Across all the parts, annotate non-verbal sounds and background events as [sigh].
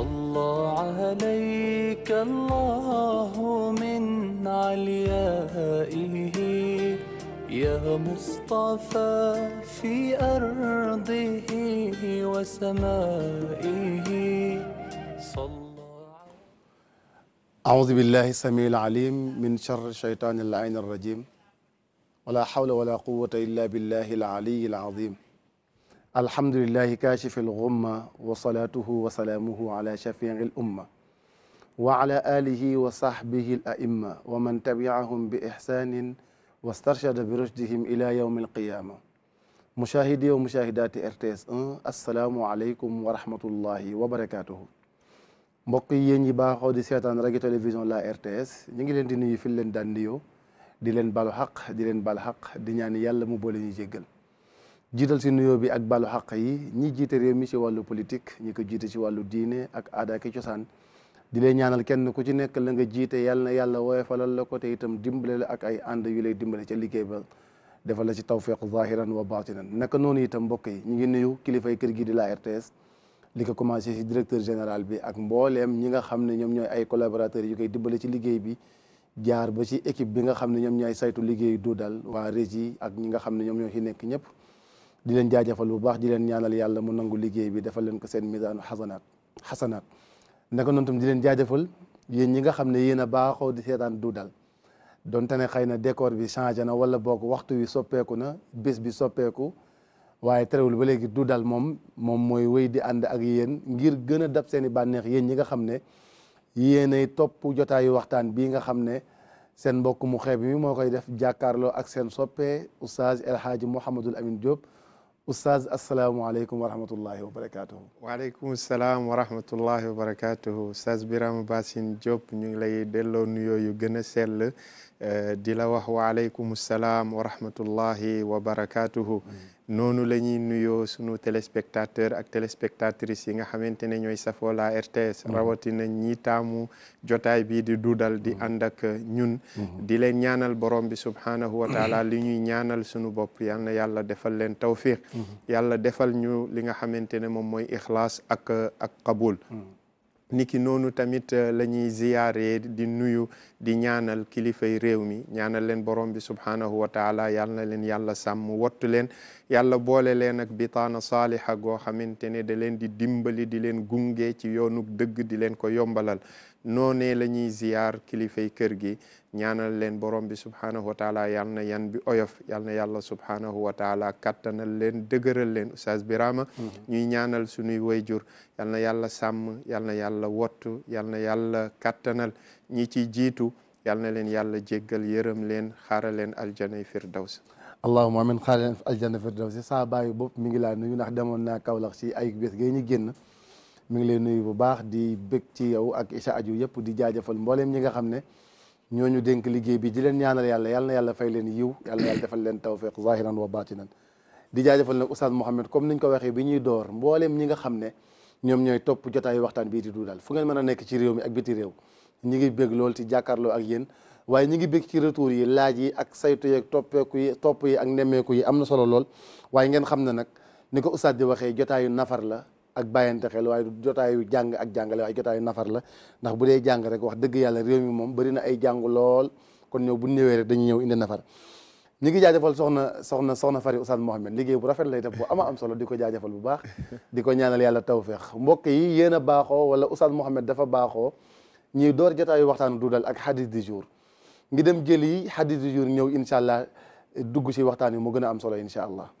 صلى عليك الله من عليائه يا مصطفى في أرضه وسمائه صلى أعوذ بالله السميع العليم من شر الشيطان اللعين الرجيم ولا حول ولا قوة إلا بالله العلي العظيم alhamdulillahi kaashifi lxumma wa salaatuhu wa salaamuhu ala shafiil umma wa ala alihi wa sahbihi al aimma wa man tabiahum bi ihsanin wa starshada bi rushdihim ila yawmi alqiyama mushahidi wa mushahidati RTS 1 assalaamu aleykum wa rahmatullahi wa barakatuhu mbokk yi yéen ñi baaxoo di seetaan rajo télévision la RTS ñu ngi leen di nuyu fi leen daan nuyoo di leen balu xaq di leen bal xaq di ñaan yàlla mu boole ñu jéggal jiital si nuyoo bi ak baalu xaq yi ñi jiite réew mi si wàllu politique ñi ko jiite si wàllu diine ak aada cosaan di ñaanal kenn ku ci nekk la nga jiite yàlla na yàlla woyofalal la ko te itam dimbale la ak ay ànd yu lay dimbale ca liggéey ba defal la ci tawfiq zahiran wa batinan naka noonu itam mbokk yi ñu ngi nuyu kilifay kër gi di la RTS li ko commencé si général bi ak mbooleem ñi nga xam ne ñoom ñooy ay collaborateurs yu koy dimbale ci liggéey bi jaar ba si équipe bi nga xam ne ñoom ñooy saytu liggéey du dal waa régie ak ñi nga xam ne ñoom ñoo ci nekk ñëpp di leen jaajëfal bu baax di leen ñaanal yàlla mu nangu liggéey bi defal leen ko seen misaanu xasanaat xasanaat naka noonu tam di leen jaajëfal yéen ñi nga xam ne yéen a baaxoo di seetaan Duudal donte ne xëy na décor bi changé na wala boog waxtu wi soppeeku na bés bi soppeeku waaye terewul ba léegi Duudal moom moom mooy wéy di ànd ak yéen ngir gën a dab seen i bànneex yéen ñi nga xam ne yéenay topp jotaayu waxtaan bii nga xam ne seen mbokk mu xeeb mi moo koy def jàkkaarloo ak seen soppe Oustaz El Hadji Mouhamadul Amin Diop oustaz asalaamaaleykum wa rahmatullahi wa barakaatuhu. waaleykum salaam wa rahmatullahi wa barakaatuhu oustaz Birama Bassine Diop ñu ngi lay delloo nuyoo yu gën a sell. Eh, di la wax waaleykum salaam wa rahmatullahi wa barakaatuhu mm-hmm. noonu la ñuy nuyoo sunu téléspectateur ak téléspectatrices yi nga xamante ne ñooy safoo la RTS mm-hmm. rawatina ñi taamu jotaay bii di dudal di mm-hmm. ànd ak ñun di leen ñaanal borom bi subhaanahu wa taala li ñuy ñaanal sunu bopp yal na yàlla defal leen tawfiq yàlla defal ñu li nga xamante ne moom mooy ixlaas ak ak qabul niki noonu tamit euh, la ñuy ziyaare di nuyu di ñaanal kilifay réew mi ñaanal leen borom bi subhaanahu wa taala yal na leen yàlla sàmm wattu leen yàlla boole leen ak bitaana saaliha goo xamante ne da leen di dimbali di leen gunge ci yoonu dëgg di leen ko yombalal noonee la ñuy ziyaar kilifay kër gi ñaanal leen borom bi subhanahu wa taala na yan bi oyof yal na yàlla subhanahu wa taala kattanal leen dëgëral leen Oustaz Birama mhm. ñuy ñaanal suñuy wayjur yal na yàlla sàmm yal yàlla wottu yal na yàlla kattanal ñi ci jiitu yal na leen yàlla jéggal yërëm leen xaara leen aljanay firdaws allahuma amin xaara leen aljanay firdaws saa bàyyi bopp mi ngi laa nuyu ndax demoon naa Kaolack si ay bés gay ñu génn mu ngi leen nuyu bu baax di bëgg ci yow ak isa aju yëpp di jaajëfal mbooleem ñi nga xam ne ñooñu dénk liggéey bi di leen ñaanal yàlla yàlla yàlla fay leen yiw yàlla yàlla defal leen tawfiq zahiran wa batinan di jaajëfal nag oustaz Mohamed comme ñu ko waxee bi ñuy door mbooleem ñi nga xam ne ñoom ñooy topp jotaayu waxtaan bii di Duudal fu ngeen mën a nekk ci réew mi ak biti réew ñi ngi bég lool ci jàkkaarloo ak yéen waaye ñi ngi bég ci retour yi laaj yi ak saytu yeeg toppeeku yi topp yi ak nemmeeku yi am na solo lool waaye ngeen xam ne nag ni ko oustaz waxee jotaayu nafar la ak bàyyante xel waaye jotaayu jàng ak jàngale waaye jotaayu nafar la ndax bu dee jàng rek wax dëgg yàlla réew mi moom bëri na ay jàngu lool kon ñëw bu ñëwee rek dañuy ñëw indi nafar ñu ngi jaajëfal soxna soxna soxna Fari Oustaz Mohamed liggéey bu rafet lay def bu ama am solo di ko jaajëfal bu baax di ko ñaanal yàlla tawféex mbokk yi yéen a baaxoo wala Oustaz Mohamed dafa baaxoo ñuy door jotaayu waxtaanu duudal ak hadith di jour ngi dem jëli hadith du jour ñëw incha allah dugg si waxtaan yi mu gën a am solo incha allah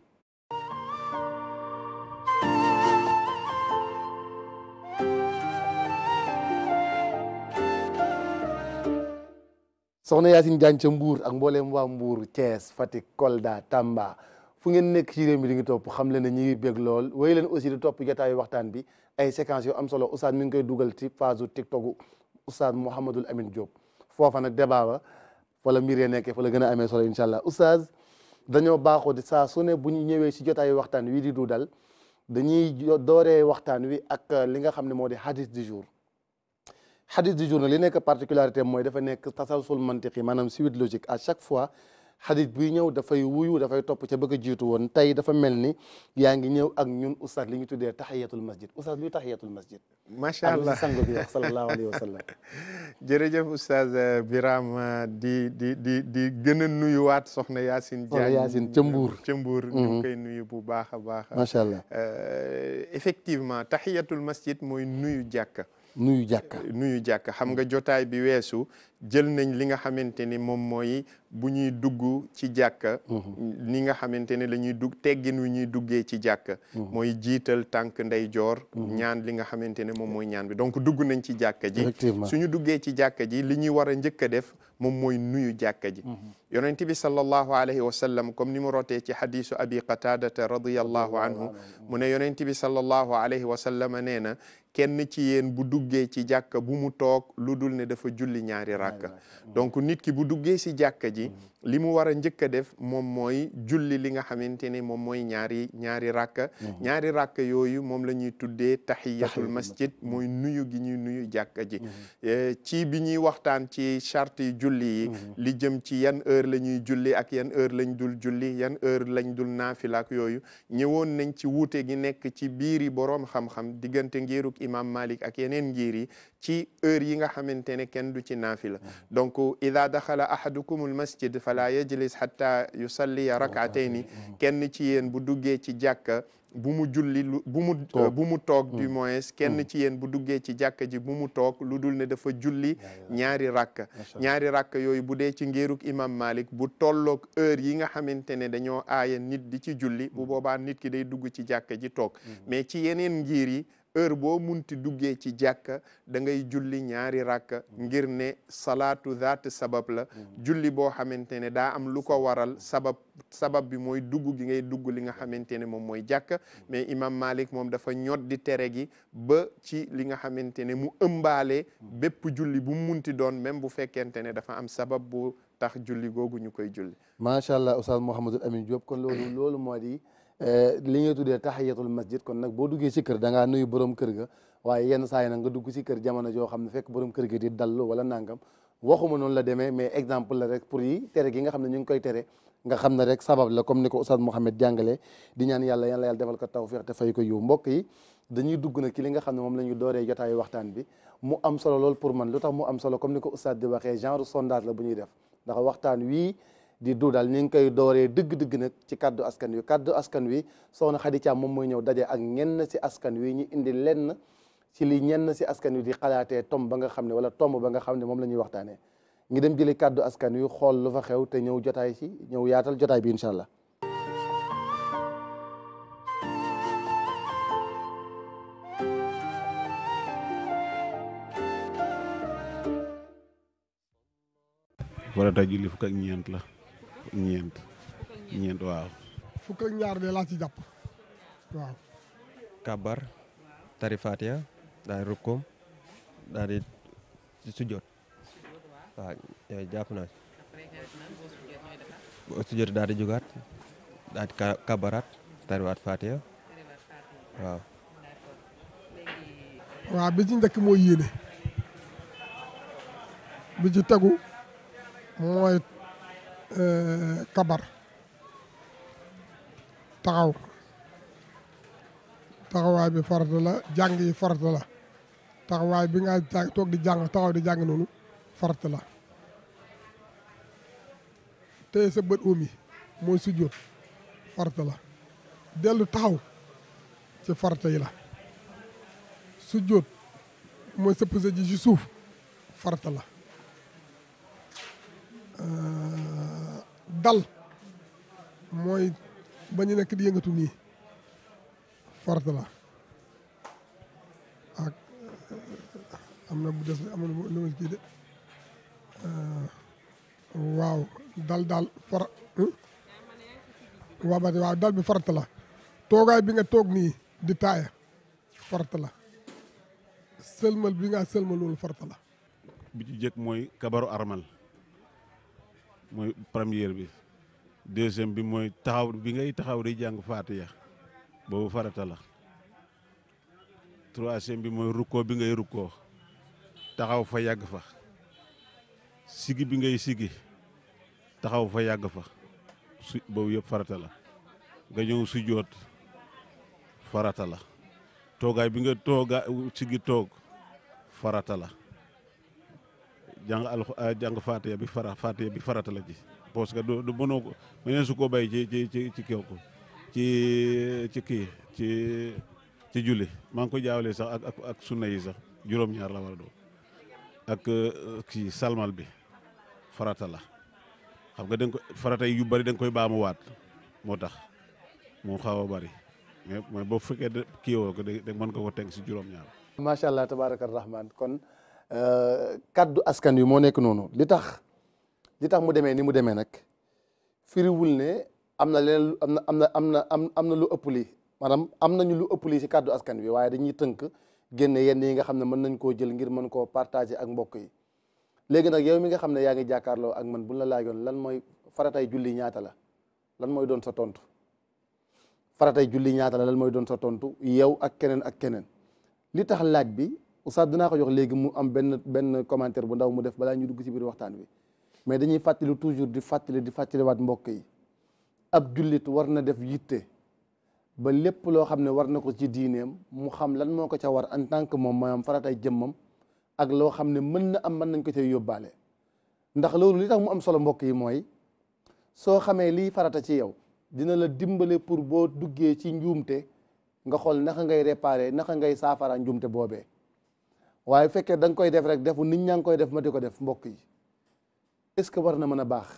soxna Yacine Diagne ca mbuur ak mbooleem waa Mbour Thiès Fatick Kolda Tamba fu ngeen nekk ci réew mi di topp xam leen ne ñu ngi bég lool wéy leen aussi di topp jotaayu waxtaan bi ay séquences yu am solo Oustaz mi ngi koy dugal ci phase TikTok Oustaz Mouhamadul Amine Diop foofa nag débat ba fa la mbir yee nekkee fa la gën a amee solo incha allah Oustaz dañoo baaxoo di saa su ne bu ñu ñëwee si jotaayu waxtaan wi di du dal dañuy dooree waxtaan wi ak li nga xam ne moo di hadis du jour xadis di journal li nekk particularité mooy dafa nekk tasalsul mantiqi maanaam suite logique à chaque fois xadis bi ñëw dafay wuyu dafay topp ca bëgg jiitu woon tey dafa mel ni yaa ngi ñëw ak ñun oustaz li ñu tuddee taxiyatul masjid oustaz luy taxiyatul masjid macha allah sang bi wax sallallahu [laughs] jërëjëf oustaz euh, Biram euh, di di di di gën a nuyuwaat soxna Yacine Diagne Yacine ca Mbuur Mbuur mhm. ñu ngi koy nuyu bu baax a baax macha allah euh, effectivement taxiyatul masjid mooy nuyu jàkka nuyu jàkka eh, nuyu jàkka xam nga jotaay bi weesu jël nañ li nga xamante ni moom mooy bu ñuy dugg ci jàkka mhm. ni nga xamante ne la ñuy dugg teggin wi ñuy duggee ci jàkka mhm. mooy jiital tànk ndeyjoor mhm. ñaan li nga xamante ne moom mooy ñaan bi donc dugg nañ ci jàkka ji suñu duggee ci jàkka ji li ñuy war a njëkk a def moom mooy nuyu jàkka ji yonent bi sallallahu alayhi wa sallam comme ni mu rootee ci xadisu abi qatadata radiallahu anhu mu ne yonent bi sallallahu alayhi wa sallam nee na kenn ci yéen bu duggee ci jàkka bu mu toog lu dul ne dafa julli ñaari rakka donc nit ki bu duggee si jàkka ji li mu war a njëkk a def moom mooy julli li nga xamante ne moom mooy ñaari ñaari rakka ñaari rakka yooyu moom la ñuy tuddee tahiyatul masjid mooy nuyu gi ñuy nuyu jàkka ji mm-hmm. eh, ci bi ñuy waxtaan ci charte julli mm-hmm. li jëm ci yan heure la ñuy julli ak yan heure lañ dul julli yan heure lañ dul naafilaak yooyu ñëwoon nañ ci wuute gi nekk ci biiri boroom xam-xam diggante ngiruk imaam malik ak yeneen ngir yi ci heure yi nga xamante ne kenn du ci naafila mm-hmm. donc ida daxala ahadukum al masjid fala yajlis hatta yusalliya rakatayni kenn ci yéen bu duggee ci jàkka bu mu julli lu bu mu euh, bu mu toog mm. du moins kenn mm. ci yéen bu duggee ci jàkka ji bu mu toog lu dul ne dafa julli ñaari rakk ñaari rakk yooyu bu dee ci ngéeruk imam malik bu tolloog heure yi nga xamante ne dañoo aaya nit di ci julli bu mm. boobaa nit ki day dugg ci jàkka ji toog mm-hmm. mais ci yeneen ngir yi heure boo munti duggee ci jàkka da ngay julli ñaari rakka ngir ne salaatu zaat sabab la mm-hmm. julli boo xamante ne daa am lu ko waral sabab sabab bi mooy dugg gi ngay dugg li nga xamante ne moom mooy jàkka mm-hmm. mais imam Malik moom dafa ñot di tere gi ba ci li nga xamante ne mu ëmbaale mm-hmm. bépp julli bu munti doon même bu fekkente ne dafa am sabab bu tax julli googu ñu koy julli macha allah oustaz Mouhamadul Amin Diop kon loolu loolu moo di Eh, li ñuy a tahiyatul masjid kon nag boo duggee ci kër nuyu borom kër ga waaye yenn saa yi nga dugg ci kër jamono joo xam ne fekk borom kër ga di dallu wala nangam waxuma noonu exemple la rek pour yi tere gi nga xam ne ñu ngi koy tere nga xam ne rek sabab la comme ni ko Oustaz Mouhamed jàngalee di ñaan yàlla yàlla yàlla defal ko tawfiq te fay ko yiw mbokk yi dañuy dugg nag li nga xam ne moom la ñu dooree jotaayu waxtaan bi mu am solo lool pour man lu tax mu am solo comme ni ko Oustaz di waxee genre sondage la bu ñuy def ndax waxtaan wii di duudal ñu ngi koy dooree dëgg-dëgg nag ci kàddu askan wi kàddu askan wi soxna Khady Thiam moom mooy ñëw daje ak ñenn si askan wi ñu indi lenn ci li ñenn si askan wi di xalaatee tomb ba nga xam ne wala tomb ba nga xam ne moom la ñuy waxtaanee ngi dem jëli kàddu askan wi xool lu fa xew te ñëw jotaay si ñëw yaatal jotaay bi incha allah. a ñeent ñeent waaw. fukk ak ñaar de laa ci jàpp waaw. Kabar. Tari Fatiha. daal di rukkoom sujjoot waaw yooyu jàpp naa sujjoot daal di jugaat daal di kabaraat tariwaat waaw. bi ci njëkk mooy yéene bi ci tegu mooy kabar euh, taxaw taxawaay bi farata la jàng farata la taxawaay bi nga toog di jàng taxaw di jàng noonu farata la tey sa bët uum mooy sujjóot farata la dellu taxaw ci farata yi la sujjóot mooy sëpp sa ji ci suuf farata la euh, dal mooy ba ñu nekk di yëngatu nii forte la eh, am na bu des am na lu ma kii de eh, waaw dal daal for hmm? waaw dal bi forte la toogaay bi nga toog nii di taaya forte la sëlmal bi nga sëlmal loolu forte la bi ci jëkk mooy kabaru armal mooy première bi deuxième bi mooy taxaw bi ngay taxaw di jàng faatiya boobu farata la troisième bi mooy rukkoo bi ngay rukko taxaw fa yàgg fa sigi bi ngay sigi taxaw fa yàgg fa su boobu yëpp farata la nga ñëw sujjoot farata la toogaay bi nga tooga sigi toog farata la jàng al ah, jàng faatiya bi fara faatiya bi farata la ci parce que du du mënoo ko mënee su koo bay ci ci ci ci kii ci ci kii ci ci julli maa ngi koy jaawalee sax ak ak sunna yi sax juróom-ñaar la war a ak eh, kii salmal bi farata la xam nga danga ko farata yu bari da nga koy baamuwaat moo tax moo xaw a bari mais mais boo fekkee kii woo ko da mën nga ko teg si juróom-ñaar. macha allah tabaaraka rahmaan kon. Euh, kaddu askan wi moo nekk noonu li tax li tax mu demee ni mu demee nag firiwul ne am na leneen am na am na am na am na lu ëpp lii maanaam am nañu lu ëpp lii si kaddu askan wi waaye dañuy tënk génne yenn yi nga xam ne mën nañ koo jël ngir mën koo partager ak mbokk yi léegi nag yow mi nga xam ne yaa ngi jàkkaarloo ak man buñ la laajoon lan mooy faratay julli ñaata la lan mooy doon sa tontu faratay julli ñaata la lan mooy doon sa tontu yow ak keneen ak keneen li tax laaj bi oustaz dinaa ko jox léegi mu am benn benn commentaire bu ndaw mu def balaa ñuy dugg ci biir waxtaan wi mais dañuy fàttali toujours di fàttali di fàttaliwaat mbokk yi ab jullit war na def yitte ba lépp loo xam ne war na ko ci diineem mu xam lan moo ko ca war en tant que moom maanaam faratay jëmmam ak loo xam ne mën na am man nañ ko cay yóbbaale ndax loolu li tax mu am solo mbokk yi mooy soo xamee lii farata ci yow dina la dimbale pour boo duggee ci njuumte nga xool naka ngay réparé naka ngay saafara njuumte boobee waaye fekkee da nga koy def rek defu nit ñaa ngi koy def ma di ko def mbokk yi est-ce que war na mën a baax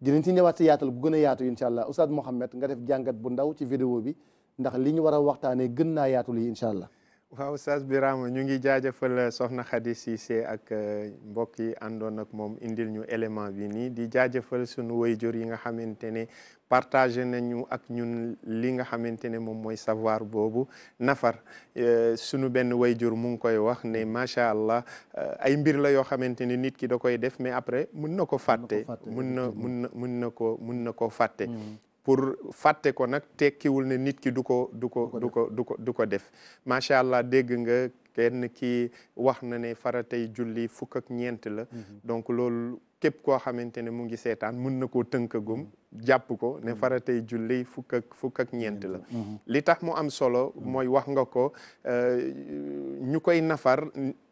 dinañ si ñëwaat ci yaatal bu gën a yaatu incha allah Oustaz Mouhamed nga def jàngat bu ndaw ci vidéo bi ndax li ñu war a waxtaanee gën naa yaatul lii incha allah. waaw Oustaz Birama ñu ngi jaajëfal euh, soxna Khady Cissé ak euh, mbokk yi àndoon ak moom indil ñu élément bi nii di jaajëfal sunu waajur yi nga xamante ne partagé ñu ak ñun li nga xamante ne moom mooy savoir boobu nafar euh, sunu benn wayjur mu ngi koy wax ne macha allah euh, ay mbir la yoo xamante ne nit ki da koy def mais après mun na ko fàtte mun na mun na mun na ko mun na koo fàtte hmm. fàtte ko nag tekkiwul ne nit ki du ko du ko du ko du ko du ko def macha allah dégg nga kenn ki wax na ne faratay julli fukk ak ñeent la hmm. donc loolu képp koo xamante ne mu ngi seetaan mun na koo tënkagum jàpp ko ne mm-hmm. faratay julli fukk ak fukk ak ñeent la mm-hmm. li tax mu am solo mm-hmm. mooy wax nga ko euh, ñu koy nafar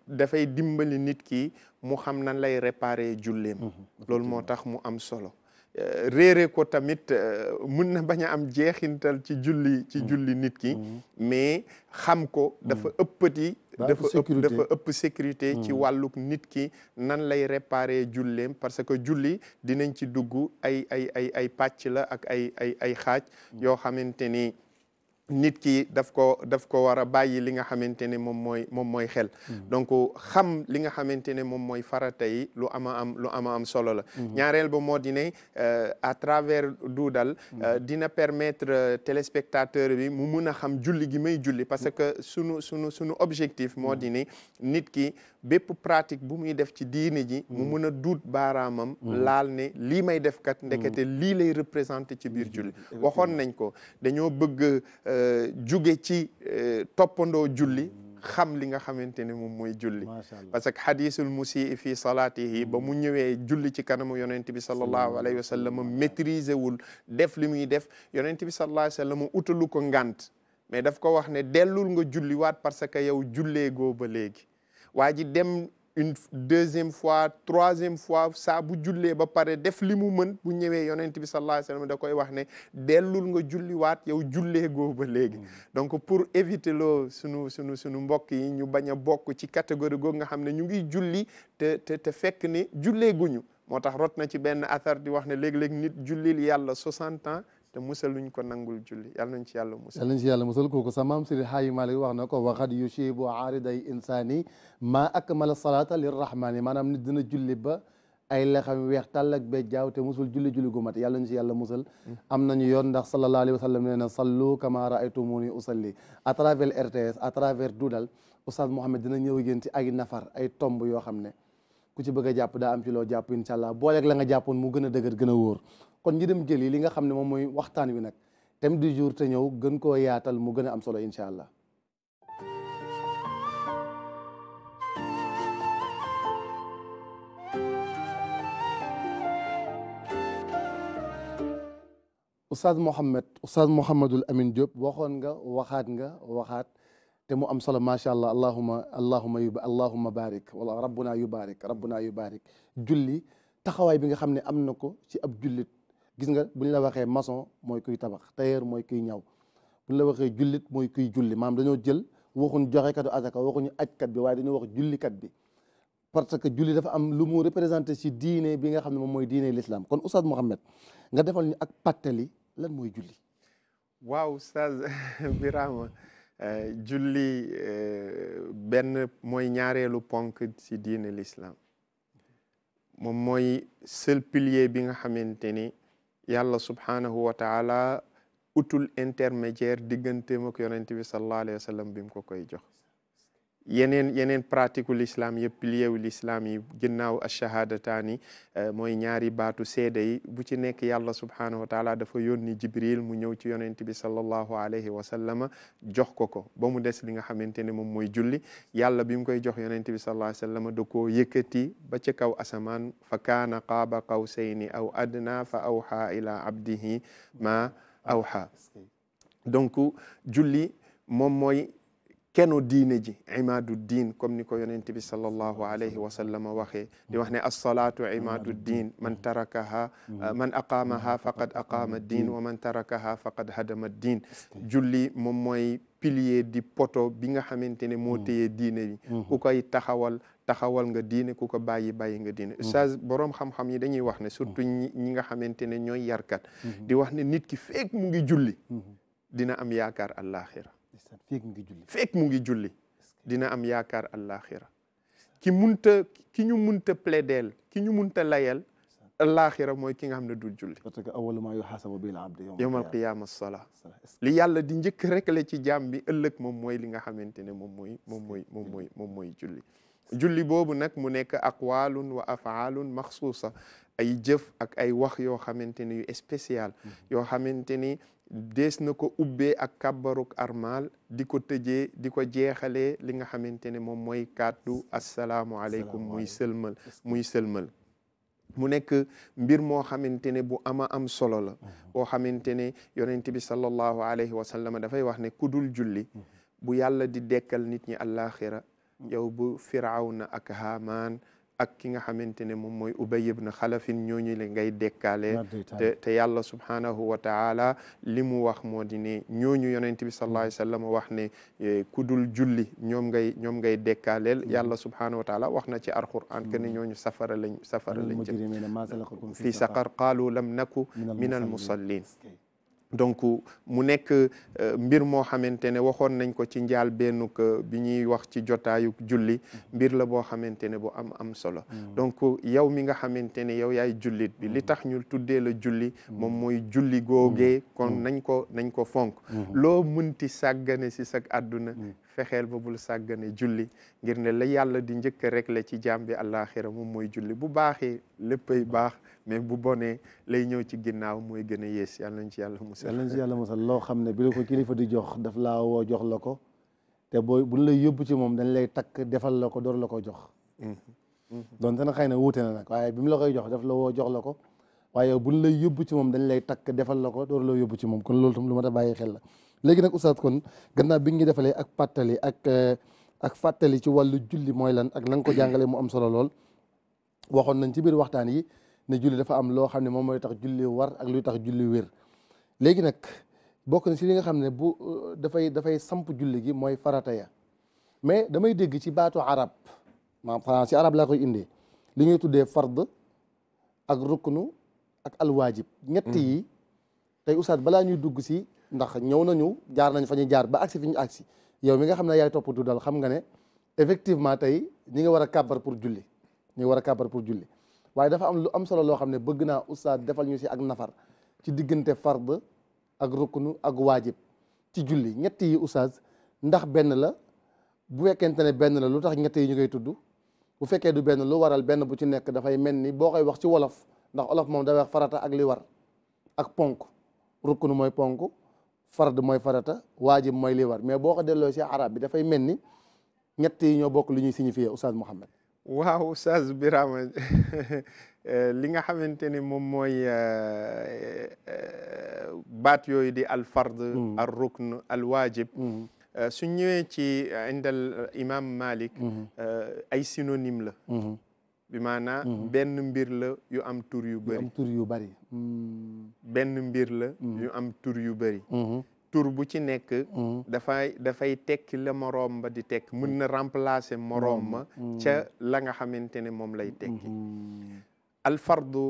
dafay dimbali nit ki mu xam na lay réparer julleem loolu moo tax mu am solo réere ko tamit euh, mun na bañ a am jeexintal ci julli ci mm. julli nit ki mm. mais xam ko dafa mm. ëppati dafa ëpp ëpp sécurité ci wàlluk nit ki nan lay réparer julleem parce que julli dinañ ci dugg ay ay ay ay pàcc la ak ay ay ay xaaj yoo xamante ni nit ki daf ko daf ko war a bàyyi li nga xamante ne moom mooy moom mooy xel mm. donc xam li nga xamante ne moom mooy farata yi lu ama am lu ama am solo la mm-hmm. ñaareel ba moo di ne euh, à travers Duudal mm. euh, dina permettre euh, téléspectateur bi mu mun a xam julli gi may julli parce mm. que sunu sunu sunu objectif moo di nit ki bépp pratique bu muy def ci diine ji mu mun mm. a duut baaraamam mm. laal ne lii may def kat mm. ndekete lii lay représenté ci biir julli waxoon nañ ko dañoo bëgg euh, juge ci euh, toppandoo julli xam li nga xamante ne moom mooy julli parce que hadisul musii fi salaatihi ba mu ñëwee julli ci kanamu yonent bi sallallahu alayhi wa sallam maîtriser wul def li muy def yonent bi sallallahu alayhi utalu ko ngant mais daf ko wax ne dellul nga julli waat parce que yow jullee goo ba léegi waa ji dem une fois troisième fois saa bu jullee ba pare def li mu mën bu ñëwee yonent bi sallallahu alayhi da koy wax ne dellul nga julliwaat yow jullee goo ba léegi mm. donc pour éviter loo sunu sunu sunu mbokk yi ñu bañ a bokk ci catégorie googu nga xam ne ñu ngi julli te te te fekk ni jullee guñu moo tax rot na ci benn athar di wax ne léeg-léeg nit jullil yàlla 60 ans te musaluñ ko nangul julli yàlla nañ ci yàlla musal yàlla nañ ci yàlla musal kooku sa maam Seydi Haaji Maalik wax na ko waxat yusibu aariday insaani maa akmala salaata lirrahmaani maanaam nit dina julli ba ay lexam weex tàll ak bee jaaw te musul julli julli gu mat yàlla ñu musal hmm. am nañu yoon ndax sallallahu alayhi wa sallam nee na sallu kama raaytumuni usalli à travers RTS à travers Dudal Oustaz Mouhamed dina ñëw yéen ci ay nafar ay tomb yoo xam ne ku ci bëgg a jàpp daa am ci loo jàpp incha allah booleeg la nga jàppoon mu gën a dëgër gën a wóor kon ñi dem jëli li nga xam ne moom mooy waxtaan wi nag thème du jour te ñëw gën koo yaatal mu gën a am solo incha allah. Oustaz Mohamed Oustaz Mohamedul Amin Diop waxoon nga waxaat nga waxaat te mu am solo macha allah allahuma allahuma yu allahuma barik wala rabbuna yu barik rabbuna yu barik julli taxawaay bi nga xam ne am na ko ci ab jullit. gis nga bu ñu la waxee maçon mooy kuy tabax tailleur mooy kuy ñaw bu ñu la waxee jullit mooy kuy julli maam dañoo jël waxuñ joxekatu azaka waxuñu ajkat bi waaye dañoo wax jullikat bi parce que julli dafa am lu mu représenté ci diine bi nga xam ne moom mooy diine l'islam kon oustaz Mouhamed nga defal ñu ak pàttali lan mooy julli waaw oustaz [laughs] Birama euh, julli euh, benn mooy ñaareelu ponk ci diine l'islam moom mooy sel pilier bi nga xamante ni yàlla subhaanahu wa taala utul intermédiaire digganteem ak yonent bi sallallahu alayhi wa sallam bi mu ko koy jox yeneen yeneen pratique u l'islam yëpp pilier wu l'islam yi ginnaaw achahadataani eh, mooy ñaari baatu seede yi bu ci nekk yàlla subhaanahu wa taala dafa yónni jibril mu ñëw ci yonent bi sallallahu alayhi wa sallama jox ko ko ba mu des li nga xamante ne moom mooy julli yàlla bi mu koy jox yonent bi sallallahu alayhi wa sallama da koo ba ca kaw asamaan fa kaana qaaba qawsayni aw adna fa awha ila abdihi ma awha donc julli moom kenu diine ji imaadu diin comme ni ko yonent bi sallallahu alayhi wa sallam waxee di wax ne alsalaatu imaadu diin man tarakaha man aqaamaha faqad aqaama diin wa man tarakaha faqad hadama diin julli moom mooy pilier di poto bi nga xamante ne moo téye diine ji ku koy taxawal taxawal nga diine ku ko bàyyi bàyyi nga diine ustaz boroom xam-xam yi dañuy wax ne surtout ñi nga xamante ne ñooy yarkat di wax ne nit ki feek mu ngi julli dina am yaakaar àllaaxira feeg mu ngi julli feeg mu ngi julli dina am yaakaar àllaaxira ki munta ki ñu munta plaideel ki ñu munta layal àllaaxira mooy ki nga xam ne dul julli parce que awwalu maa yuhaasabu bihi al-abdu yawma al-qiyaama as-salaa li yàlla di njëkk rek la ci jaam bi ëllëg moom mooy li nga xamante ne moom mooy moom mooy moom mooy moom mooy julli julli boobu nag mu nekk aqwaalun wa afaalun maxsuusa ay jëf ak ay wax yoo xamante ni yu spécial mhm. yoo xamante ni des na ko ubbee ak kàbbaruk armal di ko tëjee di ko jeexale li nga xamante ne moom mooy kàddu asalaamualeykum muy sëlmal muy sëlmal mu nekk mbir moo xamante ne bu ama am solo la mhm. boo xamante ne yonent bi sallallahu alayhi wa sallam dafay wax ne kudul julli mhm. bu yàlla di dekkal nit ñi àllaaxira yow bu firawna ak haamaan ak ki nga xamante ne moom mooy ubay ibn xalafin ñooñu le ngay dekkaale te te yàlla subhaanahu wa taala li mu wax moo di ne ñooñu yonent bi sallallahu alayhi wa wax ne e, ku dul julli ñoom ngay ñoom ngay dekkaaleel mm-hmm. yàlla subhaanahu wa taala wax na ci alquran que ne mm-hmm. ñooñu safara lañ safara lañ jëm fi saqar qaalu lam naku min al musallin donc mu nekk euh, mbir moo xamante ne waxoon nañ ko ci njaal bennuk euh, bi ñuy wax ci jotaayu julli mbir la boo xamante ne bu am am solo mm. donc yow mi nga xamante ne yow yaay jullit bi li mm. tax ñu tuddee la julli mm. moom mooy julli googee kon nañ ko nañ ko fonk loo mënti sàggane si sa àdduna fexeel ba bul sàggane julli ngir ne la yàlla di njëkk rek la ci jaam bi àllaaxira moom mooy julli bu baaxee léppay baax mais bu bonee lay ñëw ci ginnaaw mooy gën a yées yàlla nañ ci yàlla musal. yàlla nañ ci yàlla musal loo xam ne bi ko kilifa di jox daf laa woo jox la ko te booy buñ lay yóbbu ci moom dañ lay takk defal la ko door la ko jox. Mm-hmm. Mm-hmm. donte na xëy na wuute na nag waaye bi mu la koy jox daf la woo jox la ko waaye buñ lay yóbbu ci moom dañ lay takk defal la ko door la yóbbu ci moom kon loolu tam lu ma a bàyyi xel la. léegi nag oustaz kon gannaaw bi ngi defalee ak pàttali ak eh, ak fàttali ci wàllu julli mooy lan ak na nga ko jàngalee mu am solo lool waxoon nañ ci biir waxtaan yi ne julli dafa am loo xam ne moom mooy tax julli war ak luy tax julli wér léegi nag bokk na si li nga xam ne bu eh, dafay dafay samp julli gi mooy farata ya mais damay dégg ci baatu arab maanaam si arab laa koy indee li ñuy tuddee fard ak ruknu ak alwaajib ñett yi hmm. tey oustaz balaa ñuy dugg si ndax ñëw nañu jaar nañ fa ñu jaar ba agsi fi ñu agsi yow mi nga xam ne yaay topp du dundal xam nga ne effectivement tey ñi nga war a kàbbar pour julli ñu nga war a kàbbar pour julli waaye dafa am lu am solo loo xam ne bëgg naa oustaz defal ñu si ak nafar ci diggante fard ak ruknu ak waajib ci julli ñett yi oustaz ndax benn la bu fekkente ne benn la lu tax ñett yi ñu koy tudd bu fekkee du benn lu waral benn bu ci nekk dafay mel ni boo koy wax ci wolo ndax wolof moom da farata ak li war ak ponk ruknu mooy ponk farad mooy farata waajib mooy li war mais boo ko delloo si arab bi dafay mel ni ñetti ñoo bokk lu ñuy signifié oustaz Mouhamed waaw oustaz Birama [laughs] li nga xamante ni moom mooy euh, euh, baat yooyu di al fard mm. al rukn al waajib mm. euh, su ñëwee ci indal imam Malik mm-hmm. ay synonyme la mm-hmm. bi maanaa mhm. benn mbir la yu am tur yu bëri yu bëri hmm. benn mbir la mhm. yu am tur yu bëri mhm. tur bu ci nekk dafay dafay tekki la moroom ba di tekk mën na remplacer moroom ma ca la nga xamante ne moom lay tekki alfardu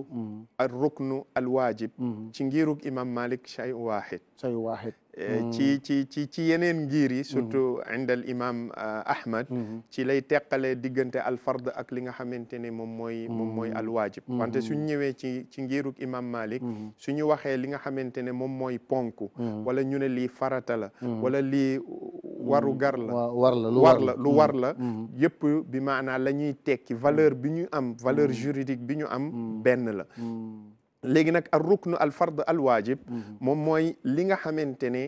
al ruknu al waajib ci ngirug imam malik shay waahid shay ci mm. ci ci ci yeneen ngir yi mm-hmm. surtout ind al imam euh, mm-hmm. ci lay teqale diggante al ak li nga xamante ne moom mooy moom mooy mm. al mm-hmm. suñ ñëwee ci ci ngiruk imam malik suñu waxee li nga xamante ne moom mooy ponk wala ñu ne lii farata la wala lii waru gar la war lu war la yëpp bi maanaa la ñuy tekki valeur bi ñu am valeur juridique bi ñu am benn la léegi nag al ruknu al fard al waajib mhm. moom mooy li nga xamante ne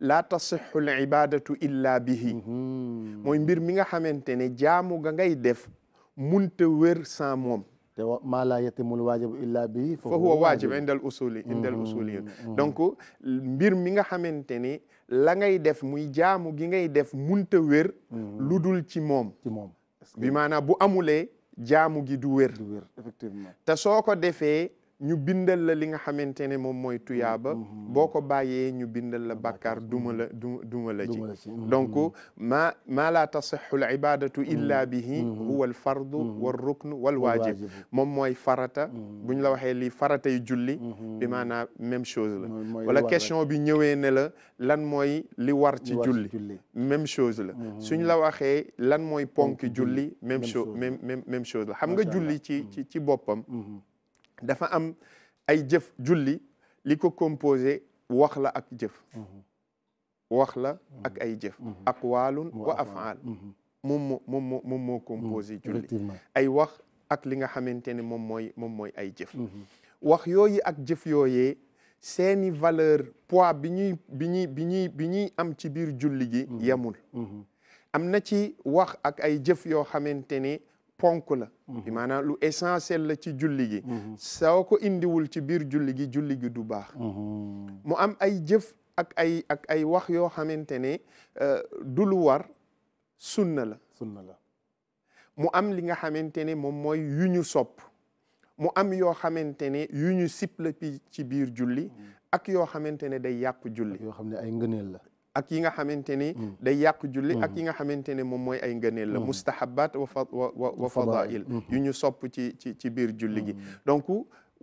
laa tasixu al ibadatu illa bihi mhm. mooy mbir mi nga xamante ne jaamu ga ngay def munta wér sans moom te maa laa yatimul waajibu illa bihi fa huwa waajib indal usuli indal usuli mhm, donc mbir mi nga xamante ne la ngay def muy jaamu gi ngay def munta wér lu dul ci moom ci moom bi maanaam bu amulee jaamu gi du wér du wér effectivement ñu bindal la li nga xamante ne moom mooy tuyaaba mm-hmm. Mm-hmm. boo ko bàyyee ñu bindal la ah, bàkkaar duma la mm-hmm. du duma la ci donc maa maa laa tasixu al ibadatu illa bihi huwa al fardu wal ruknu wal moom mooy farata bu ñu la waxee lii farata yu julli bi maanaam même chose la wala question bi ñëwee ne la lan mooy li war ci julli même chose la suñ la waxee lan mooy ponk julli même chose même même chose la xam nga julli ci ci ci boppam dafa am ay jëf julli li ko composé wax la ak jëf mhm. wax la ak ay jëf mhm. Mhm. aqwaalun wa afaal moom moo moom julli ay wax ak li nga xamante ne moom mooy ay jëf wax yooyu ak jëf yooyee seeni valeur pois bi ñuy am ci biir julli gi yemul am na ci wax ak ay jëf yoo xamante ne ponk la mhm. bi lu essentiel la ci julli gi mhm. soo ko indiwul ci biir julli gi julli gi du baax mhm. mu am ay jëf ak ay ak ay wax yoo xamante ne euh, du lu war sunna la sunna la mu am li nga xamante ne moom mooy yu ñu sopp mu am yoo xamante ne yu ñu sip la ci biir julli ak yoo xamante ne day yàqu julli yoo xam ne ay ngëneel la ak yi nga xamante ni mm. day yàq julli ak mm. yi nga xamante ne moom mooy ay ngëneel la mm. mustahabat wa wa wa fadail mm-hmm. yu ñu sopp ci ci ci biir julli gi donc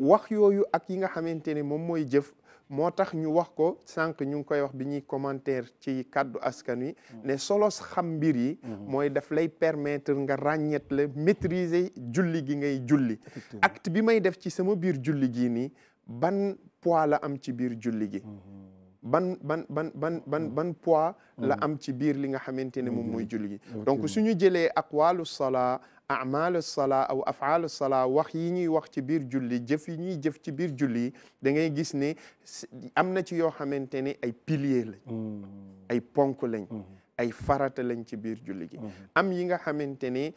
wax yooyu ak yi nga xamante ni moom mooy jëf moo tax ñu wax ko sànq ñu ngi koy wax bi ñuy commentaire ci kàddu askan wi ne solos xam mbir yi mm-hmm. mooy def lay permettre nga ràññet la maitrise julli gi ngay julli acte bi may def ci sama biir julli gii nii ban poids la am ci biir julli gi mm-hmm. ban ban ban ban ban mm. ban poids la mm. am ci biir li nga xamante ne moom mm-hmm. mooy julli gi donc suñu jëlee aqwalu salaa amalu salaa aw afaalu salaa wax yi ñuy wax ci biir julli jëf yi ñuy jëf ci biir julli da ngay gis ne am na ci yoo xamante ne ay pilier lañ mm. ay ponk lañ mm-hmm. ay farata lañ ci biir julli mm-hmm. am yi nga xamante ne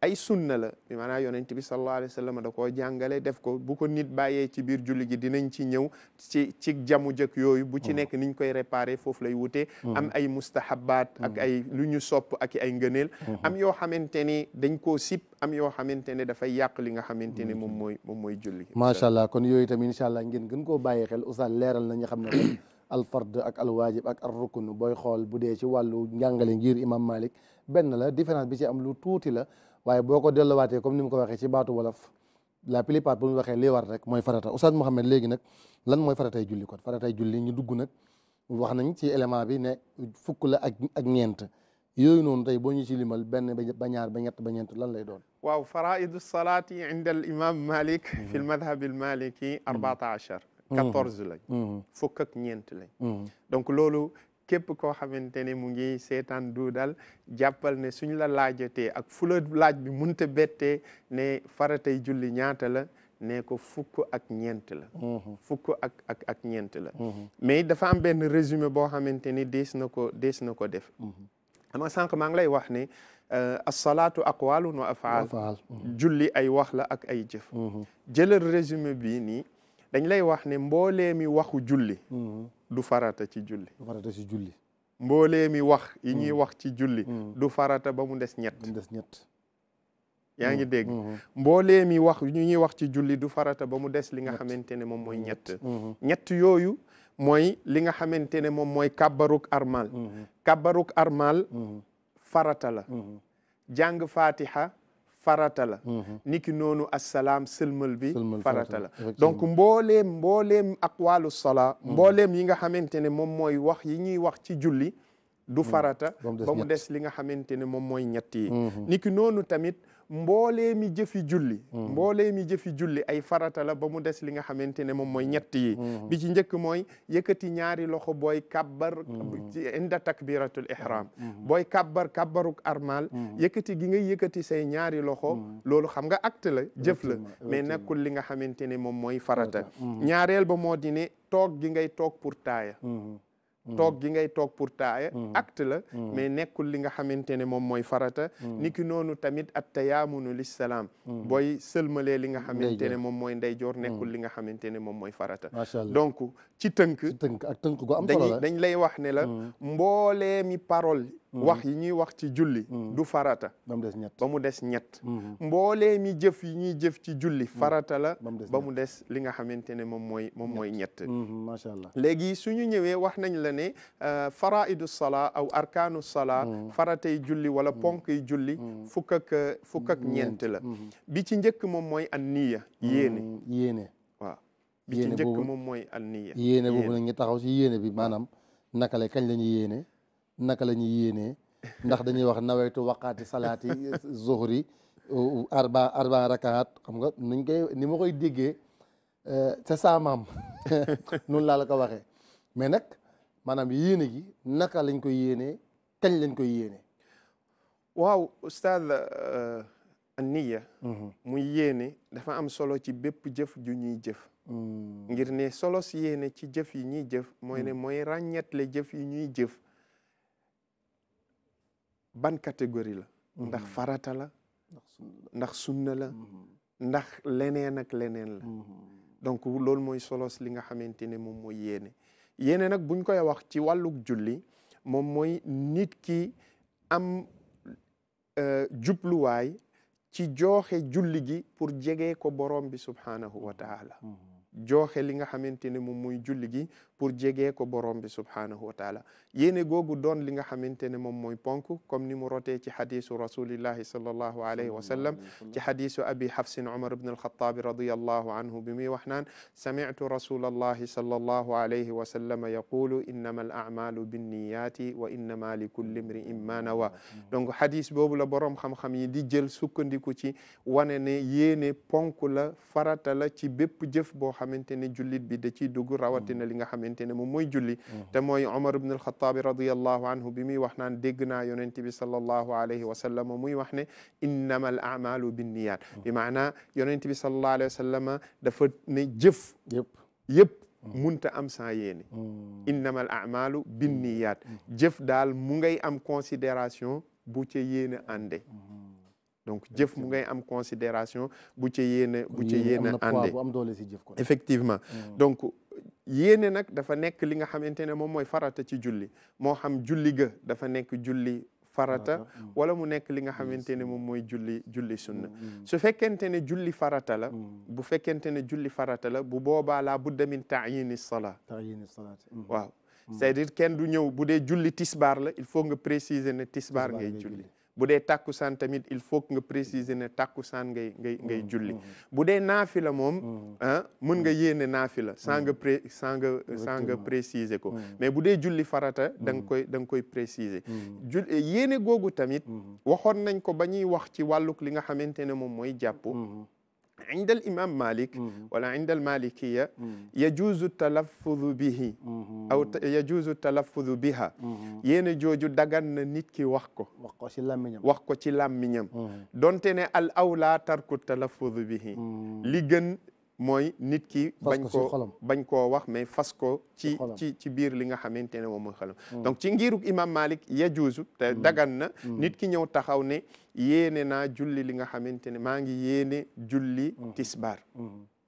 ay sunna la bi maanaam yonent bi sallallahu alayhi wa sallam da koo jàngale def ko bu ko nit bàyyee ci biir julli gi dinañ ci ñëw ci ci jamu jëkk yooyu bu ci mm. nekk niñ koy réparé foofu lay wutee mm. am ay mustahabaat ak mm. ay lu ñu sopp ak ay ngëneel mm-hmm. am yoo xamante ne dañ koo sip am yoo xamante ne dafay yàq li nga xamante ne mm-hmm. moom mooy moom mooy julli macha allah kon yooyu tamit incha allah ngeen gën koo bàyyi xel oustaz na ñu xam ne [coughs] alfard ak alwaajib ak al rukun booy xool bu dee ci wàllu njàngale ngir imam malik benn la différence bi ci am lu tuuti la waaye boo ko delluwaatee comme ni mu ko waxee ci baatu wolof la plupart bu ñu waxee lii war rek mooy farata Oustaz Mouhamed léegi nag lan mooy faratay julli kon faratay julli ñu dugg nag wax nañ ci élément bi ne fukk la ak ak ñeent yooyu noonu tey boo ñu ci limal benn ba ñaar ba ñett ba ñeent lan lay doon waaw faraidu salaati inda al imam malik mhm. fi l madhab al maliki mhm. arbaata achar mhm. quatorze lañ fukk ak ñeent lañ donc loolu képp koo xamante ne mu ngi seetaan Duudal jàppal ne suñ la laajatee ak fu laaj bi munta bettee ne faratay julli ñaata la ne ko fukk ak ñeent la mhm. fukk ak ak ak ñeent la mhm. mais dafa am benn résumé boo xamante ni dees na ko dees na ko def mhm. ama sànq maa ngi lay wax ne euh, asalaatu aqwalun wa afaal julli ay wax la ak ay jëf jëlal résumé bi nii dañ lay wax ne mboolee mi waxu julli du farata ci julli. du farata ci julli. wax yi ñuy mm. wax ci julli. Mm. du farata ba mu des ñett. ba mu des ñett. yaa ngi mm. dégg. Mm-hmm. mboolee mi wax yi ñuy wax ci julli du farata ba mu des li nga xamante ne moom mooy ñett. Mm-hmm. ñett yooyu mooy li nga xamante ne moom mooy kabbaruk armal. Mm-hmm. kabbaruk armal. farata la. jàng fatiha. farata la mhm. niki noonu assalaam sëlmal bi farata la donc mbooleem mbooleem aqwaalu sola mhm. mbooleem yi nga xamante ne moom mooy wax yi ñuy wax ci julli du mhm. farata ba mu des li nga xamante ne moom mooy ñett yi tamit mboolee mi jëfi julli hmm. mboolee mi jëfi julli ay farata la ba mu des li nga xamante ne moom mooy ñett hmm. bi ci njëkk mooy yëkkati ñaari loxo booy kabbar hmm. inda takbiratul ihram booy kabbar kabbaruk armal yëkkati gi ngay yëkkati say ñaari loxo loolu xam nga acte la jëf la mais nekkul li nga xamante ne moom mooy farata ñaareel ba moo di toog gi ngay toog pour taaya toog gi ngay toog pour taaya mm. Mm. acte la mm. mais nekkul li nga xamante ne moom mooy farata niki noonu tamit at tayaamunu lissalaam booy sëlmalee li nga xamante ne moom mooy ndeyjoor nekkul li nga xamante ne moom mooy farata donc ci tënk ci tënk ak tënk gu am solo dañ lay wax ne la mboolee parole Mhm. wax yi ñuy wax ci julli mhm. du farata ba mu des ñett ba mu des ñett mhm. mboolee mi jëf yi ñuy jëf ci julli farata la ba mu des li nga xamante ne moom mooy moom mooy ñett macha allah léegi suñu ñëwee wax nañ la ne euh, faraidu salaa aw arkaanu salaa faratay julli wala ponk julli fukk ak euh, la bi ci njëkk moom mooy an niya yéene yéene bi ci njëkk moom mooy an niya yéene boobu nag ñu taxaw si yéene maanaam naka la kañ la yéene naka la ñuy yéenee ndax dañuy wax nawetu waqaati salaati zuhri arba arba rakaat xam nga nuñ koy ni ma koy déggee euh, c'est ça maam [laughs] noonu laa la ko waxee mais nag maanaam yéene gi naka lañ koy yéenee kañ lañ koy yéenee waaw ustaad euh, niya mu mhm. yéene dafa am solo ci bépp jëf ju ñuy jëf mm. ngir ne solo si ci jëf yi ñuy jëf mooy ne mm. mooy ràññetle jëf yi ñuy jëf ban catégorie la mm-hmm. ndax farata la ndax sunna la ndax mm-hmm. leneen ak leneen la mm-hmm. donc loolu mooy solos li nga xamante ne moom mooy yéene yéene nag buñ koy wax ci wàlluk julli moom mooy nit ki am euh, jubluwaay ci jooxe julli gi pour jege ko borom bi subhanahu wa taala jooxe li nga xamante ne moom mooy julli gi pour jegee ko borom bi subhaanahu wa taala yéene googu doon li nga xamante ne moom mooy ponk comme ni mu rotee ci xadisu rasulillahi sallallahu alayhi wa sallam ci xadisu abi xafsin umar ibn alxataabi radiallahu anhu bi muy wax naan samitu rasulallahi sallallahu alayhi wa sallam yaqulu innama al amalu binniyati wa innama li kulli mriin ma nawa donc xadis boobu la borom xam-xam yi di jël sukkandiku ci wane ne yéene ponk la farata la ci bépp jëf boo xamante ne jullit bi da ciy dugg rawatina mm. li nga xamante ne moom mooy julli mm. te mooy omar ibn alxataabi radiallahu anhu bi muy wax naan dégg naa yonente bi sallallahu alayhi wa sallam muy wax ne innama al amalu binniyat mm. bi maanaa yonente bi sallallahu alayhi wa dafa ne jëf yëpp yëpp munta am sans yéene innama al amalu daal mu ngay am considération bu ca yéene ànde donc jëf mu ngay am considération bu ca yéene bu ca yéene ànde effectivement mm. donc yéene nag dafa nekk li nga xamante ne moom mooy farata ci julli moo xam julli ga dafa nekk julli farata mm. wala mu nekk li nga xamante ne moom mooy julli julli sunna mm, su fekkente ne julli farata la bu fekkente ne julli farata la bu boobaa laa budda min taayini salaa taayini salaa mm-hmm. waaw c'est-à-dire kenn du ñëw bu dee julli tisbaar la il faut nga préciser ne tisbaar ngay julli bu dee tàkkusaan tamit il faut que nga préciser ne tàkkusaan ngay ngay mm-hmm. ngay julli mm-hmm. bu dee naafila moom mm-hmm. ah mën nga yéene naafila sans nga pré sans nga sans préciser ko mais bu dee julli farata dang koy da nga koy préciser jul eh, yéene googu tamit waxoon nañ ko ba ñuy wax ci wàlluk li nga xamante ne moom mooy jàpp عند الإمام مالك ولا عند المالكية يجوز التلفظ به أو يجوز التلفظ بها yéena jooju dagan na nit ki wax ko wax ko ci làmmiñam wax ko ci làmmiñam donte ne al awla tarku talaffuz bihi li gën mooy nit ki bañ koo bañ koo wax mais fas ko ci ci biir li nga xamante ne moom mooy xalam hmm. donc ci ngiruk imam malik yajuusu te hmm. dagan na hmm. nit ki ñëw taxaw ne yéene naa julli li nga xamante ne maa ngi yéene julli tisbar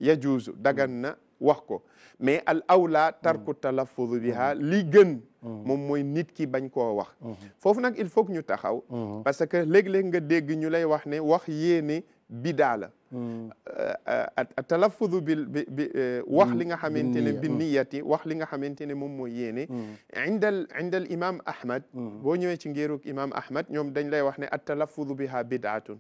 yajuusu dagan na wax ko mais al awla tarku talaffuz biha li gën moom mooy nit ki bañ koo wax nag il faut que ñu taxaw parce que léeg nga dégg ñu lay wax ne wax yéene bidaa la hmm. eh, eh, talaffuzu bil bi eh, wax li nga xamante ne bi hmm. niyati wax li nga xamante ne moom mooy yéene hmm. indal indal imam ahmad boo ñëwee ci ngéerug imam ahmad ñoom dañ lay wax ne at talaffuzu biha bidaatun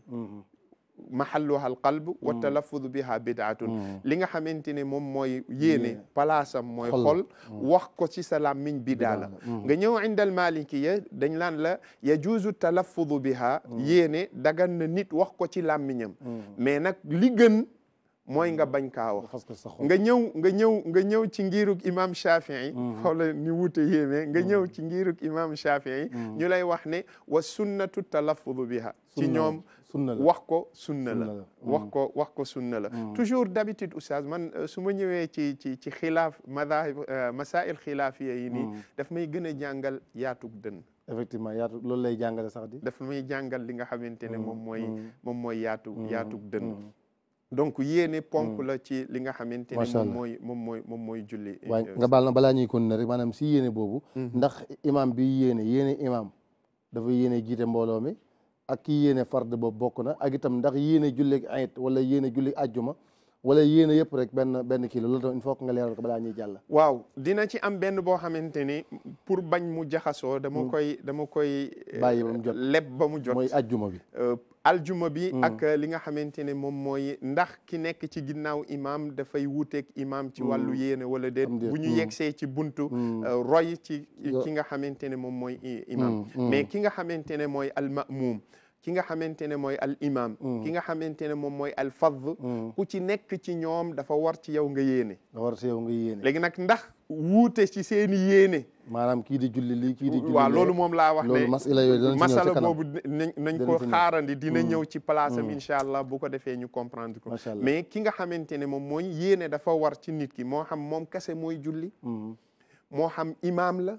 mahalluha alqalb wa mm. talaffuz biha bid'atun mm. li nga xamante ne moom mooy yéene palaasam mooy xol mm. wax ko ci sa làmmiñ bidaa la nga ñëw indal malikiya dañ laan la yajuuzu talaffuz biha yéene dagan na nit wax ko ci làmmiñam mais nag li gën mooy nga bañ kaa wax nga ñëw nga ñëw nga ñëw ci ngirug imam Shafii xoola ni wuute yéeme nga ñëw ci ngirug imam Shafii ñu lay wax ne wa sunnatu talaffudu biha ci ñoom sunna la wax ko sunna la mm. wax ko wax ko sunna la mm. toujours d'habitude oustaz man euh, su ma ñëwee ci ci ci xilaaf madahib euh, masail xilaafiya yi nii mm. daf may gën a jàngal yaatug dënn effectivement yaatu loolu lay jàngale sax di daf may jàngal li nga xamante ne moom mooy moom mooy yaatu yaatug dënn donc yéene ponk la ci li nga xamante ne moom mooy moom mooy moom mooy julli waaye euh, nga baal na balaa ñuy continuer rek maanaam si yéene boobu mm-hmm. ndax imam bi yéene yéene imam dafa yéene jiite mbooloo mi ak ki yéene fard boobu bokk na ak itam ndax yéene julleeg ayit wala yéene julleeg ajjuma wala yéene yëpp rek benn benn kii la loolu tam il faut nga leeral ko balaa ñuy jàll. waaw dina ci am benn boo xamante ni pour bañ mu jaxasoo. dama hmm. koy dama koy. bàyyi jot leb ba mu jot. mooy ajjuma bi. Euh, aljuma bi mm. ak li nga xamante ne moom mooy ndax ki nekk ci ginnaaw imam dafay wuuteeg imam ci mm. wàllu yéene wala déet bu ñu mm. yegsee ci buntu euh, roy ci ki nga xamante ne moom mooy imam mais ki nga xamante ne mooy almamuum ki nga xamante ne mooy al ki nga xamante ne moom mooy al ku ci nekk ci ñoom dafa war ci yow nga yéene dafa war ci yow nga léegi nag ndax wuute ci seeni yéene maanaam kii di julli lii kii di julli waaw loolu moom laa wax ne masala yooyu masala boobu nañ ko xaarandi dina mm. ñëw ci place am mm. incha allah bu ko defee ñu comprendre ko mais ki nga xamante ne moom mooy yéene dafa war ci nit ki moo xam moom kese mooy julli mm. moo xam imaam la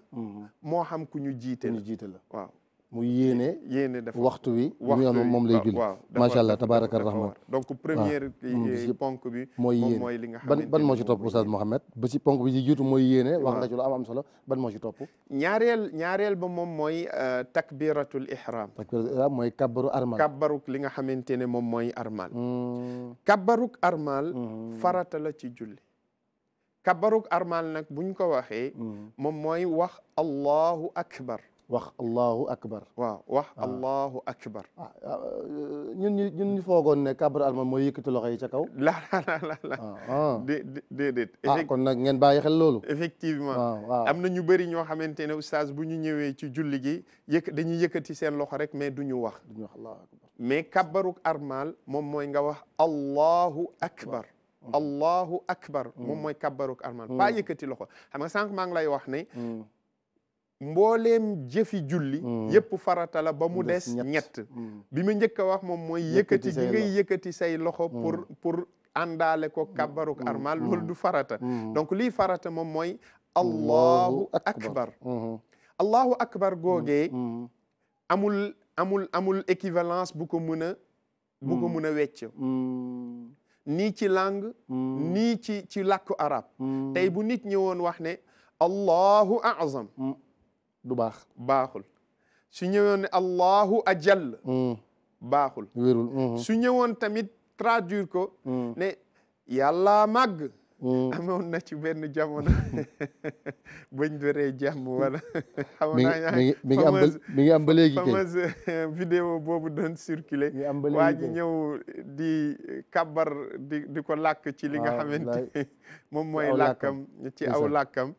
moo xam ku ñu jiite la waaw mu yéene yéene def waxtu wi waxtu moom lay julli macha allah tabaraka rahman donc ah, première eh, ponk bi mooy yéene mooy li nga ban ban moo ci topp Oustaz Mouhamed ba ci ponk bi ci jiitu mooy yéene wax nga ci am solo ban moo ci topp ñaareel ñaareel ba moom mooy euh, takbiratul ihram takbiratul ihram mooy kabbaru armal kabbaruk li nga xamante ne moom mooy armal hmm. kabbaruk armal hmm. farata la ci julli kabbaruk armal nag buñ ko waxee hmm. moom mooy wax allahu akbar wax allahu akbar waaw wax allahu akbar ah, ah, eh, ñu ñun ñu foogoon ne kabbar alma mooy yëkkati loxo yi ca kaw [laughs] la la la la ah, déedéet kon nag ngeen bàyyi xel loolu effectivement am na ñu bëri ñoo xamante ne oustaz bu ñu ñëwee ci julli gi yëkk dañuy yëkkati seen loxo rek mais du ñu wax du ñu wax allahu mais kabbaruk armal moom mooy nga wax allahu akbar mm. allahu akbar mm. moom mooy kabbaruk armal mm. pas yëkkati loxo xam nga sànq lay wax ne mboolem jëfi julli mm. yépp farata la ba mu des ñett mm. bi ma njëkk a wax moom mooy yëkkati gi ngay say loxo mm. pour pour àndaale ko kabbaruk armal loolu du farata donc lii farata moom mooy allahu akbar mm-hmm. allahu amul amul amul équivalence bu ko mën a bu ko mën a wecc nii ci langue ni ci ci làkku arab tey bu nit ñëwoon wax ne allahu azam du baax baaxul su ñëwoon ne allahu ajal mm. baaxul wérul mm-hmm. ñëwoon tamit traduire ko mm. ne yàlla màgg Mm. amoon na ci benn jamono [laughs] bañ doree jàmm wala. [laughs] xamoon naa mi ngi am ba mi ngi am ba léegi kay fameuse euh, vidéo boobu doon circulé. mi ngi am ba léegi ñëw di kabar di ko lakk ci li nga xamante [laughs] moom mooy làkkam ci aw làkkam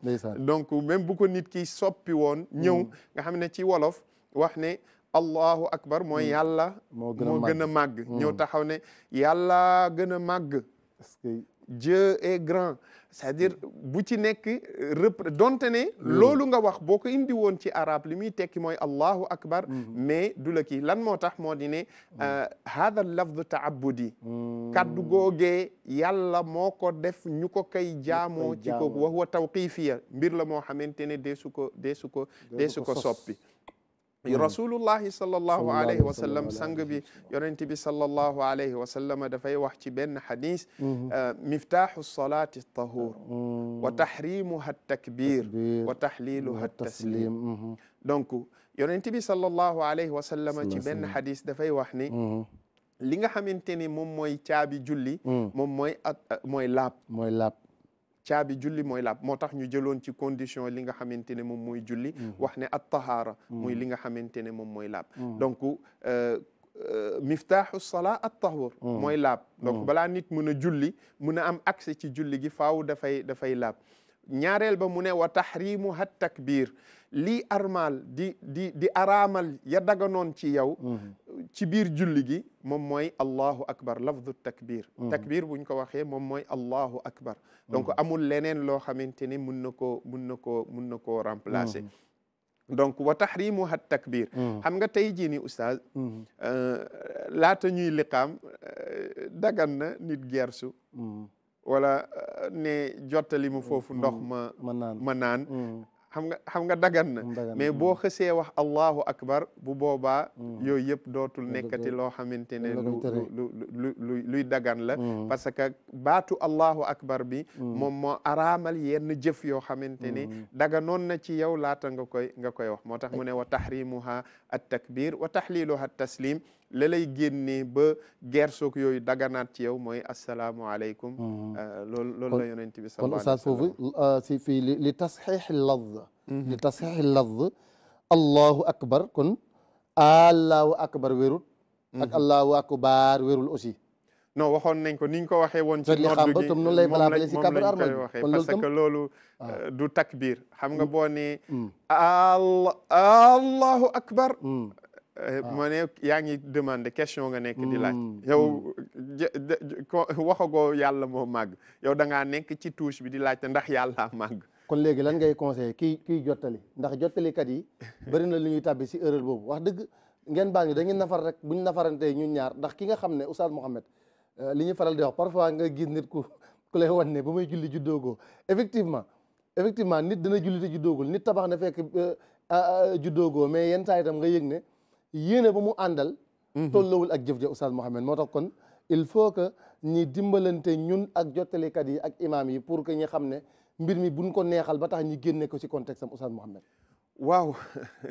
donc même bu ko nit ki soppi woon mm. ñëw nga xam ne ci wolof wax ne allahu akbar mooy mm. yàlla moo gën a màgg ñëw taxaw ne yàlla gën a màgg Dieu est grand cest à bu ci nekk euh, repr donte ne hmm. loolu nga wax boo ko indi woon ci arab li muy tekki mooy allahu akbar hmm. mais du la kii lan moo tax moo di ne haada hmm. euh, lafdu taabudi kaddu googee yàlla moo ko def ñu ko kay jaamoo ci ko wax wa tawqifiya mbir la moo xamante ne deesu ko deesu ko deesu ko soppi Hmm. rasulullahi sallallahu alayhi wa sallam sang bi yonent bi sallallahu alayhi wa sallam dafay wax ci benn xadis hmm. euh, miftaxu solati tahur hmm. wa tahrimuha takbir wa tahliluha taslim donc yonent bi sallallahu alayhi wa sallam ci benn xadis dafay wax ni li nga xamante ni moom mooy caabi julli moom mooy euh, mooy laab mooy laab caabi julli mooy laab moo tax ñu jëloon ci condition li nga xamante ne moom mooy julli mm-hmm. wax ne at tahaara muy mm-hmm. li nga xamante ne moom mooy laab mm-hmm. donc euh, euh, miftaaxu salaa at tahur mooy laab donc balaa nit mën a julli mën a am accès ci julli gi faaw dafay dafay laab ñaareel ba mu ne wa tahrimuha takbir lii armaal di di di araamal ya daganoon ci yow mm-hmm. ci biir julli gi moom mooy allahu akbar lafdu takbir mm-hmm. takbir buñ ko waxee moom mooy allahu akbar donc mm-hmm. amul leneen loo xamante ne mun na koo mun na koo mun na koo remplacer donc wa tahrimuha takbir xam nga tey jii ni oustaz euh, laata ñuy liqaam euh, dagan na nit gersu wala euh, ne jottali mu foofu ndox ma ma naan xam nga xam nga dagan na mais boo hmm. xësee wax allahu akbar bu boobaa hmm. yooyu yëpp dootul nekkati loo xamante ne luy dagan la hmm. parce que baatu allahu akbar bi moom moo araamal yenn jëf yoo xamante ne daganoon na ci yow laata nga koy nga koy wax moo tax mu ne wa tahrimuha at takbir wa tahliluha at taslim la lay génnee ba gersoog yooyu daganaat ci yow mooy asalaamualeykum. Mm-hmm. Euh, loolu loolu la yonent bi sallallahu alayhi wa sallam. kon oustaz foofu euh, si fii li tasxiix lafz. Mm-hmm. li tasxiix lafz. allahu akbar kon allahu akbar wérul. ak mm-hmm. allahu akbar wérul aussi. non waxoon nañ ko ni ko waxee woon ci nodd gi moom lañ koy waxee parce que loolu ah. euh, du takbir xam nga mm. boo nee. Mm. allah akbar. Mm. Ah. ma ne yaa ngi demandé question nga nekk di laaj. Mm, yow mm. waxagoo yàlla moo màgg yow da ngaa nekk ci touche bi di laaj laajte ndax yàlla [laughs] màgg. kon léegi lan ngay conseillé kii kii jottali ndax jottalikat yi [laughs] bëri na li ñuy tàbbi si erreur boobu wax dëgg ngeen baal ñu dañuy nafar rek buñ nafarantee ñu ñaar ndax ki nga xam ne Oustaz Mouhamed euh, li ñuy faral di wax parfois nga gis nit ku ku lay wan ne ba muy julli juddoogoo effectivement effectivement nit dana julli te juddoogul nit tabax na fekk euh, juddoogoo mais yenn saa itam nga yëg ne. yéene ba mu àndal mhm. tollowul ak jëf ja oustaz Mohamed moo tax kon il faut que ñii dimbalante ñun ak jottalikat yi ak imaam yi pour que ñu xam ne mbir mi buñ ko neexal ba tax ñi génne ko ci contexte am oustaz Mohamed waaw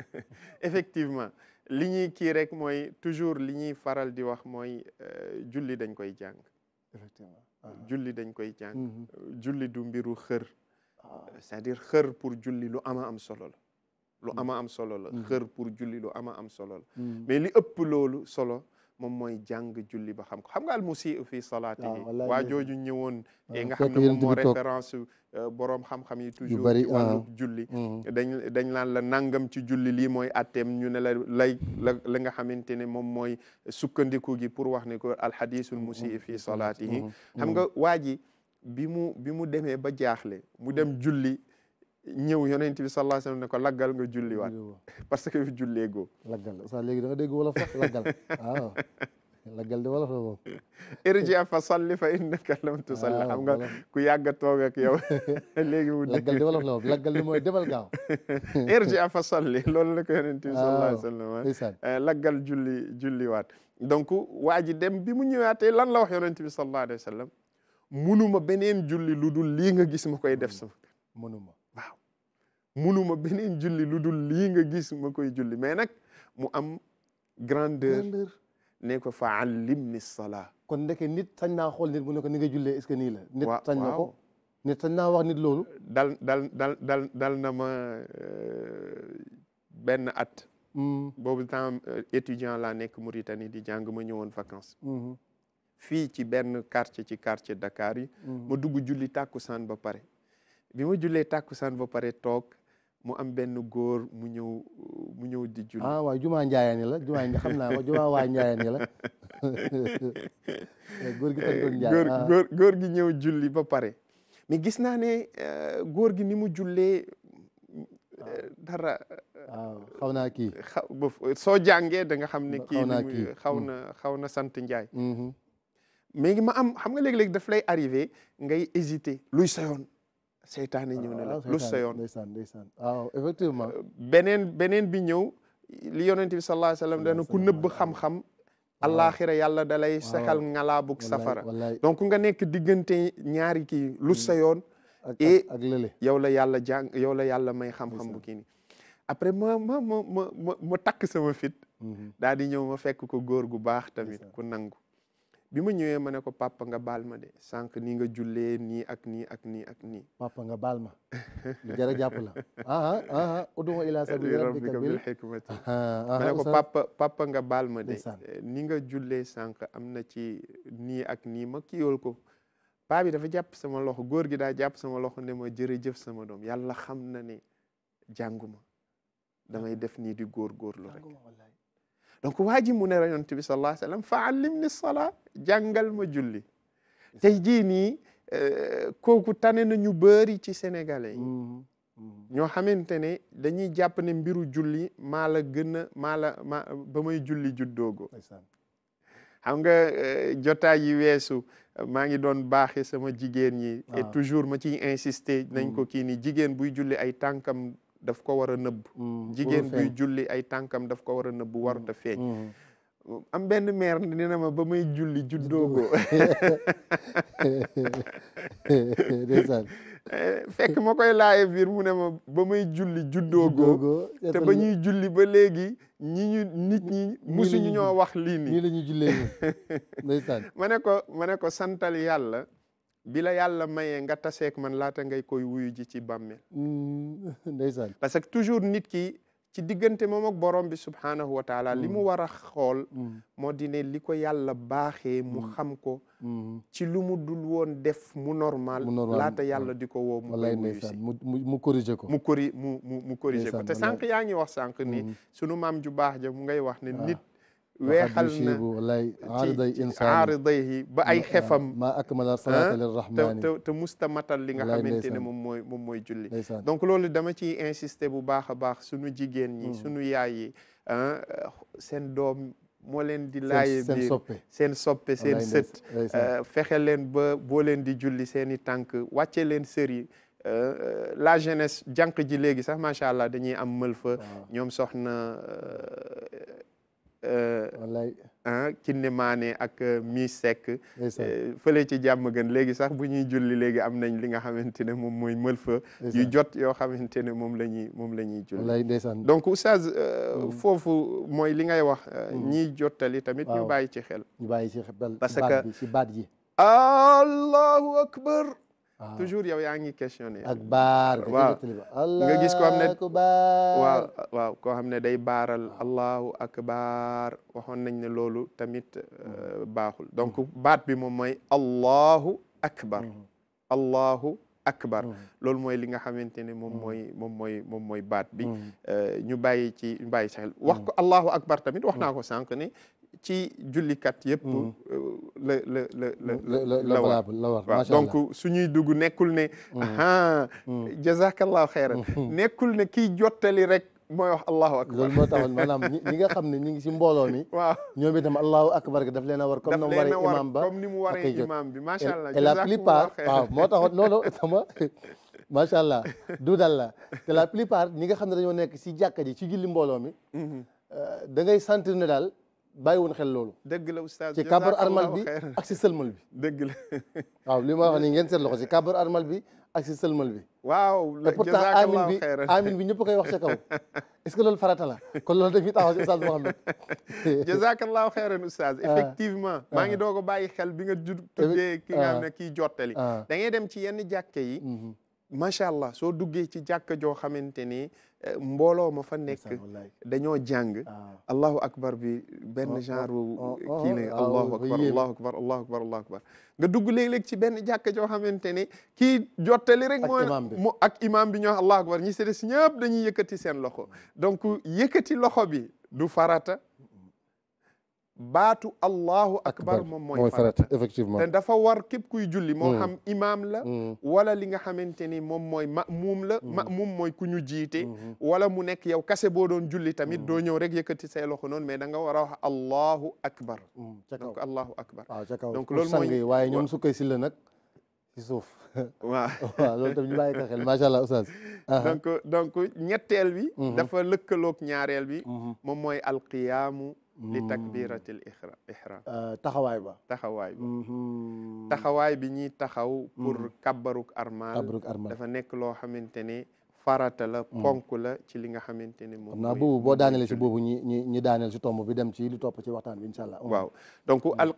[laughs] effectivement li ñuy kii rek mooy toujours li ñuy faral di wax mooy euh, julli dañ koy jàng effectivement ah. julli dañ koy jàng mhm. julli du mbiru xër ah. c'est-à-dire xër pour julli lu ama am solo la lu mm. ama am solo la mm. xër pour julli lu ama am solo la mm. mais li ëpp loolu solo moom mooy jàng julli ba xam ko xam nga al musii fi salaatihi ah, waa jooju ñëwoon ah, eh, nga xam ne moom moo référence euh, boroom xam yi toujours ci wàllu julli dañ dañ naan la nangam ci julli lii mooy atteem ñu ne la lay la la nga xamante ne moom mooy sukkandiku gi pour wax ne ko alhadisul musii fi salaatihi xam nga waa ji bi mu bi mu demee ba jaaxle mu dem julli ñëw yonent bi sallallahu alayhi wasallam ne ko laggal nga julliwaat [laughs] parce que jullee goo laggal sa léegi da nga dégg wolof sax laggal waaw laggal di wolof la moom [laughs] irji fa salli fa innaka lam tusalli ah, xam nga ku yàgg a toog ak yow [laughs] léegi mu laggal di wolof la moom laggal di mooy demal gaaw irji fa salli loolu la ko yonent bi sallallahu alayhi wasallam eh, laggal julli julliwaat donc waa ji dem bi mu ñëwaatee lan la wax yonent bi sallallahu alayhi wasallam munuma beneen julli lu dul lii nga gis ma koy def sama munuma munuma [laughs] beneen julli lu dul lii nga gis ma koy julli mais nag mu am grandeur ne ko fa allimni salaa kon ndeke nit sañ naa xool nit mu ne ko ni nga jullee est-ce la nit sañ na ko naa wax nit loolu dal dal dal dal dal na ma euh, benn at hmm. boobu temps euh, étudiant laa nekk Mauritanie di jàng ma ñëwoon vacances hmm. fii ci benn quartier ci quartier Dakar yi hmm. ma dugg julli tàkkusaan ba pare bi ma jullee tàkkusaan ba pare toog mu am benn góor mu ñëw mu ñëw di julli ah waaw jumaa njaayaani la jumaa xam naa wa jumaa waa njaayaani la [laughs] góor gi eh, ah. góor góor ñëw julli ba pare mais gis naa ne euh, góor gi ni mu jullee euh, dara waaw ah, naa kii euh, xaw soo jàngee da nga xam ne kii xaw mm. na xaw na sant Njaay mm-hmm. ma am xam nga léeg-léeg daf lay arrivé ngay hésité luy sa seytaane ñëw ne la ah, sa yoon ndeysaan ndeysaan waaw ah, effectivement euh, beneen beneen bi ñëw li yonent bi sallallahu alayhi wasallam dana ku nëbb xam-xam ah. allaaxira yàlla dalay saxal ngalaabug safara donc nga nekk diggante ñaari kii lu mm. sa yoon et ak lële yow la yàlla jàng yow la yàlla may xam-xam bu kii ni après ma ma ma ma ma takk sama fit mm-hmm. daal di ñëw ma fekk ko góor gu baax tamit ku nangu bi ma ñëwee ma ne ko papa nga baal ma de sànq nii nga jullee nii ak nii ak nii ak nii. papa nga baal ma. jar jàpp la. [laughs] Ah, ah, ah ah ud'u ila sabili nga baal ma de. Eh, nii nga jullee sànq am na ci nii ak nii ma kiiwal ko. paa bi dafa jàpp sama loxo góor gi daa jàpp sama loxo ne ma jërëjëf sama doom yàlla xam na ne jànguma damay ah. def nii di góorgóorlu rek. donc waa ji mu ne yonent bi sallallahu alayhi fa allimni salaa jàngal ma julli tey jii nii euh, kooku tane na ñu bëri ci sénégalais mm-hmm. Mm-hmm. ñoo xamante ne dañuy jàpp ne mbiru julli maala la gën maa la ma ba may julli juddoogo xam nga euh, jotaay yi weesu maa ngi doon baaxe sama jigéen ñi et ah. toujours ma ci insister nañ ko mm-hmm. kii ni jigéen buy julli ay tànkam daf ko war a nëbb mm, jigéen buy julli ay tànkam daf ko war a nëbb warut a mm, feeñ mm. am benn maire nee na ma ba muy julli juddoogo [laughs] [laughs] fekk ma koy laaye biir mu ne ma ba muy julli juddoogo te ba ñuy julli ba léegi ñi ñu nit ñi musuñu ñoo wax lii nii nii la [laughs] ma ne ko santal yàlla bi la yàlla mayee nga taseek man laata ngay koy wuyu ji ci bàmmeel mm, [laughs] ndeysaan parce que toujours nit ki ci diggante moom ak borom bi subhaanahu wa taala li mu mm. war a xool mm. moo di ne li ko yàlla baaxee mu xam ko ci lu mu dul woon def mu normal laata yàlla di ko woo mu lay wuyu si mu corrigé ko mu corri mu mu mu corrigé ko te sànq yaa ngi wax sànq ni sunu maam ju baax ja mu ngay wax ne ah. nit weexal na ci aariday ba ay xefam ma akmala salaata lirrahmaani musta matal li nga xamante ne moom mooy moom mooy julli donc loolu dama ci insister bu baax a baax sunu jigéen ñi mm. sunu yaay ah, seen doom moo leen di laaye biir seen soppe seen sët ah, fexe leen ba boo leen di julli seen i tànk wàcce leen sër yi ah, la jeunesse jànq ji léegi sax macha allah dañuy am mël fa ñoom soxna ah Kiné Mané ak euh, mi Seck euh, fële ci jàmm léegi sax bu ñuy julli léegi am nañ li nga xamante ne moom mooy mël yu jot yoo xamante ne moom la ñuy moom la ñuy julli donc oustaz mm. foofu mooy li ngay wax mm. ñiy jottali tamit ñu bàyyi ci xel bàyyi ci xel parce que ci baat yi allahu akbar Ah. toujours yow yaa ngi questionné. ak baar waaw nga gis ko am ne waaw waaw koo xam ne day baaral ah. allahu akbar waxoon nañ ne loolu tamit hmm. euh, baaxul donc baat bi moom mooy allahu akbar hmm. allahu akbar hmm. loolu mooy li nga xamante ne moom mooy moom mooy moom mooy baat bi euh, ñu bàyyi ci bàyyi si xel wax ko allahu akbar tamit wax naa ko sànq ni ci jullikat yëpp. Mm. Euh, la la la la mm. la war la war donc suñuy dugg nekkul ne. ah jazakallahu xayran nekkul ne kiy jottali rek. mooy wax allahu akbar loolu moo taxoon maanaam ñi nga xam ne ñu ngi si mbooloo mi waaw ñoom itam allahu akbar ga daf leen a war comme ni mu waree imam ba mu waree imam bi macha allah et la moo taxoon loolu sama [laughs] macha allah du dal la te la plupart ñi nga xam ne dañoo nekk si jàkka ji ci julli mbooloo mi mm-hmm. euh, da ngay sentir ne daal bàyyiwoon xel loolu. dëgg la oustaz ci kabar armal bi ak si sëlmal bi. dëgg la waaw li ma wax nii ngeen seet loxo si kabar armal bi ak si sëlmal bi. waaw te pourtant amin bi bi ñëpp koy wax ca que loolu farata la kon loolu dañuy taxaw si oustaz Mohamed. [laughs] jazakallahu xeyran oustaz ah. effectivement maa ngi ah. doog a bàyyi xel bi nga jud tuddee ki nga xam ne ah. kii jottali. da ngay dem ci yenn jàkke yi. Mhm. macha allah soo duggee ci jàkka joo xamante ni. mbooloo ma fa nekk dañoo jàng ah. allahu akbar bi benn oh, oh, genre oh, kii la allahu akbar allahu akbar allahu akbar allahu akbar nga dugg léeg-léeg ci benn jàkk joo xamante ne ki jottali rek moo ak imam bi ñoo allahu akbar ñi si des ñëpp dañuy yëkkati seen loxo mm. donc yëkkati loxo bi du farata baatu allahu akbar moom mooy farata effectivement dafa war képp kuy julli moo mm. xam imaam la mm. wala li nga xamante ni moom mooy mamuum la mm. mamuum mooy ku ñu jiite mm-hmm. wala mu nekk yow kase boo doon julli tamit doo ñëw rek yëkkati say loxo noonu mais da nga war a wax allahu akbar donc allahu akbar ah, kaw donc loolu mooy waaye ñoom su koy si la nag ci suuf [laughs] waaw [laughs] waaw loolu tamit ñu bàyyi ko xel macha donc ñetteel bi mm-hmm. dafa lëkkaloog ñaareel bi mm-hmm. moom mooy alqiyaamu li mm. takbiratil ihram ah, taxawaay ba taxawaay ba mm-hmm. taxawaay bi ñuy taxaw pour mm. kabbaruk armal dafa nekk loo xamante ne farata la mm. ponk la ci li nga xamante ne moom naa boobu boo daaneele si boobu ñi ñi ñi daaneel si tomb bi dem ci li topp ci waxtaan bi incha allah waaw donc al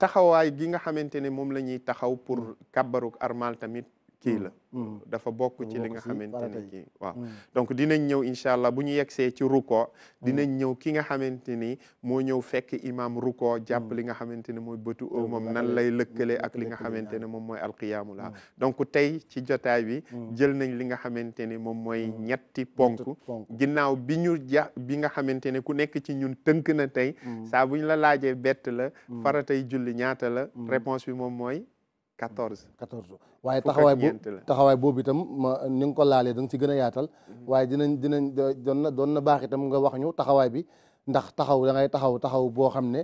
taxawaay gi nga xamante ne moom la ñuy taxaw pour kabbaruk armal tamit kii mm. la mm. dafa bokk ci li nga xamante ne kii waaw mm. donc dinañ ñëw incha allah bu ñu yegsee ci ruko dinañ ñëw ki nga xamante ni moo ñëw fekk imam ruko jàpp li nga xamante ne mooy bëtu moom nan lay lëkkale ak li nga xamante ne moom mooy alqiyaamu la donc tey ci jotaay bi jël nañ li nga xamante ni moom mooy ñetti ponk ginnaaw bi ñu ja bi nga xamante ne ku nekk ci ñun tënk na tey saa bu ñu la laajee bett la faratay julli ñaata la réponse bi moom mooy quatorze quatorze waaye taxawaay boobu taxawaay boobu itam ma ni nga ko laalee da nga a yaatal waaye dinañ dinañ doon na doon na baax itam nga wax taxawaay bi ndax taxaw da ngay taxaw taxaw boo xam ne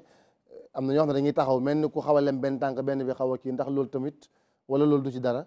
am na ñoo xam ne taxaw mel ni ku xaw a lem benn tànk benn bi xaw a kii ndax loolu tamit wala lool du ci dara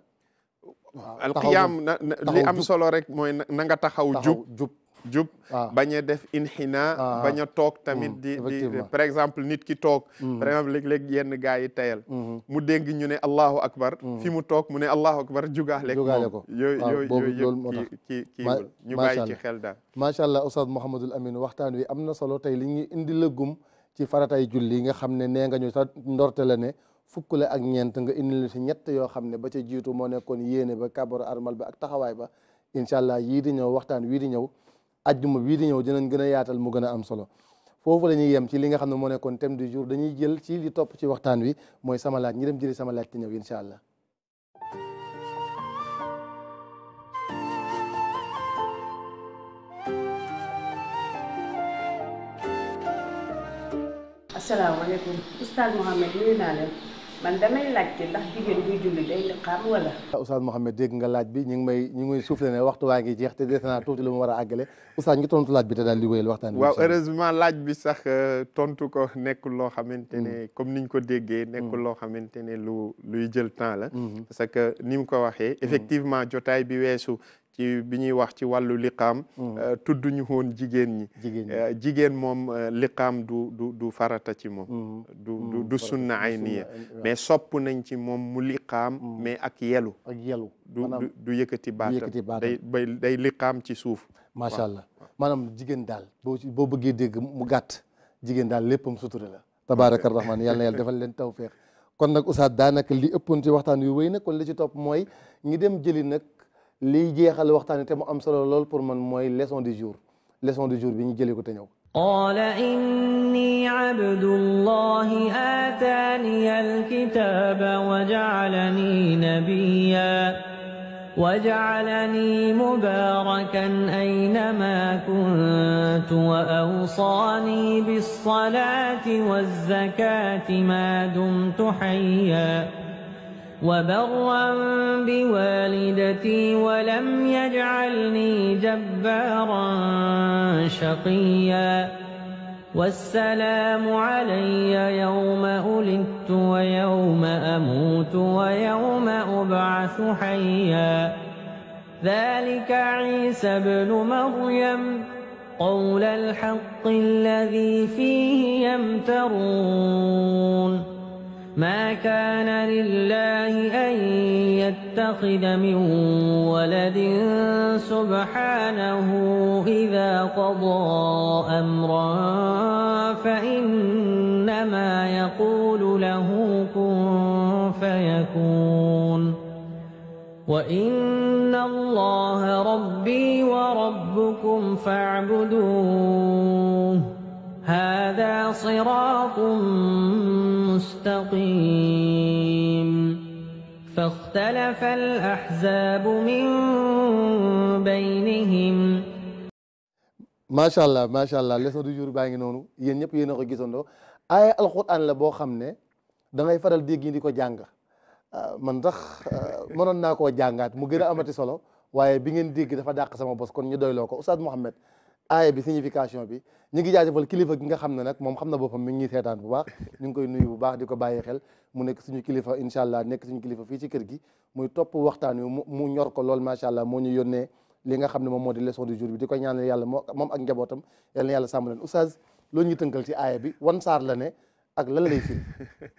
waaw alqiyaam na li am solo rek mooy na nga taxaw jub jub jub ah. bañ a def inxina ah. bañ a toog tamit mm. di di par exemple nit ki toog mm. par léeg yenn gars yi tayal mm-hmm. mu dégg ñu ne allahu akbar mm. fi mu toog mu ne allahu akbar jugaale ko yooyu ah, yooyu yooyu yëpp kii kii ñu bàyyi ci xel daal macha allah oustaz Mouhamadul Amin waxtaan wi am na solo tey li ñuy indi lëggum ci faratay julli nga xam ne nee nga ñu ta ndorte la ne fukk la ak ñeent nga indi si ñett yoo xam ne ba ca jiitu moo nekkoon yéene ba kabaru armal ba ak taxawaay ba incha allah yii di ñëw waxtaan wii di ñëw ajjuma bii di ñëw dinañ gën a yaatal mu gën a am solo foofu la ñuy yem ci li nga xam ne moo nekkoon thème du jour dañuy jël ci li topp ci waxtaan wi mooy sama laaj ñi dem jëli sama laaj te ñëw incha allah man damay laajte ndax jigéen buy julli day liqaam wala. Ah, Oustaz Mouhamed dégg nga laaj bi ñu ngi may ñu ngi may soufflé ne waxtu waa ngi jeex te des naa tuuti lu mu war a àggale Oustaz ngi tontu laaj bi te daal di wéyal waxtaan bi. waaw heureusement laaj bi sax euh, tontu ko nekkul loo xamante ne mm. comme niñ ko déggee. Mm. nekkul loo xamante ne lu luy jël temps la. Mm-hmm. parce que ni mu ko waxee. Mm. effectivement jotaay bi weesu. ci bi ñuy wax ci wàllu liqaam mm. euh, tudd ñu woon jigéen ñi jigéen euh, moom euh, liqaam du du du farata ci moom mm. du du mm. du sunna ay niya eh, mais sopp nañ ci moom mu liqaam mais ak yelu ak yelu du du yëkkati baatam day bay day liqaam ci suuf macha allah maanaam jigéen daal boo boo bëggee dégg mu gàtt jigéen daal léppam sutura la tabaaraka rahmaan yàlla na yàlla defal leen tawféex kon nag Oustaz daanaka li ëppoon ci waxtaan wi wéy na kon li ci topp mooy ñi dem jëli nag liy jeexal waxtaan te mu am solo lool pour man mooy leçon du jour leçon du jour bi ñu jëlee ko te ñëw qaala inni abdullahi aataaniya alkitaaba wa jaalani nabiya وجعلني مباركا أينما كنت وأوصاني بالصلاة والزكاة ما دمت حيا وبرا بوالدتي ولم يجعلني جبارا شقيا والسلام علي يوم ولدت ويوم أموت ويوم أبعث حيا ذلك عيسى بن مريم قول الحق الذي فيه يمترون ما كان لله أن يتخذ من ولد سبحانه إذا قضى أمرا فإنما يقول له كن فيكون وإن الله ربي وربكم فاعبدوه هذا صراط مستقيم فاختلف الأحزاب من بينهم macha allah macha allah leçon du jour baa ngi noonu yéen ñëpp yéen a ko gisandoo aaya alxuraan la boo xam ne da ngay faral dégg ñi di ko jàng ah, man tax ah, mënoon naa koo jàngaat mu gën a amati solo waaye bi ngeen dégg dafa dàq sama bos kon ñu doyloo ko Oustaz Mouhamed aaya bi signification bi ñu ngi jaajëfal kilifa gi nga xam ne nag moom xam na boppam mi ngi seetaan bu baax ñu ngi koy nuyu bu baax di ko bàyyi xel mu nekk suñu kilifa incha allah nekk suñu kilifa fii ci kër gi muy topp waxtaan wi mu ñor ko lool macha allah moo ñu yónnee li nga xam ne moom moo di leçon du jour bi di ko ñaanal yàlla moom ak njabootam yal na yàlla sàmm leen oustaz loolu ñu tënkal ci aaya bi wan saar la ne ak la lay firi [laughs]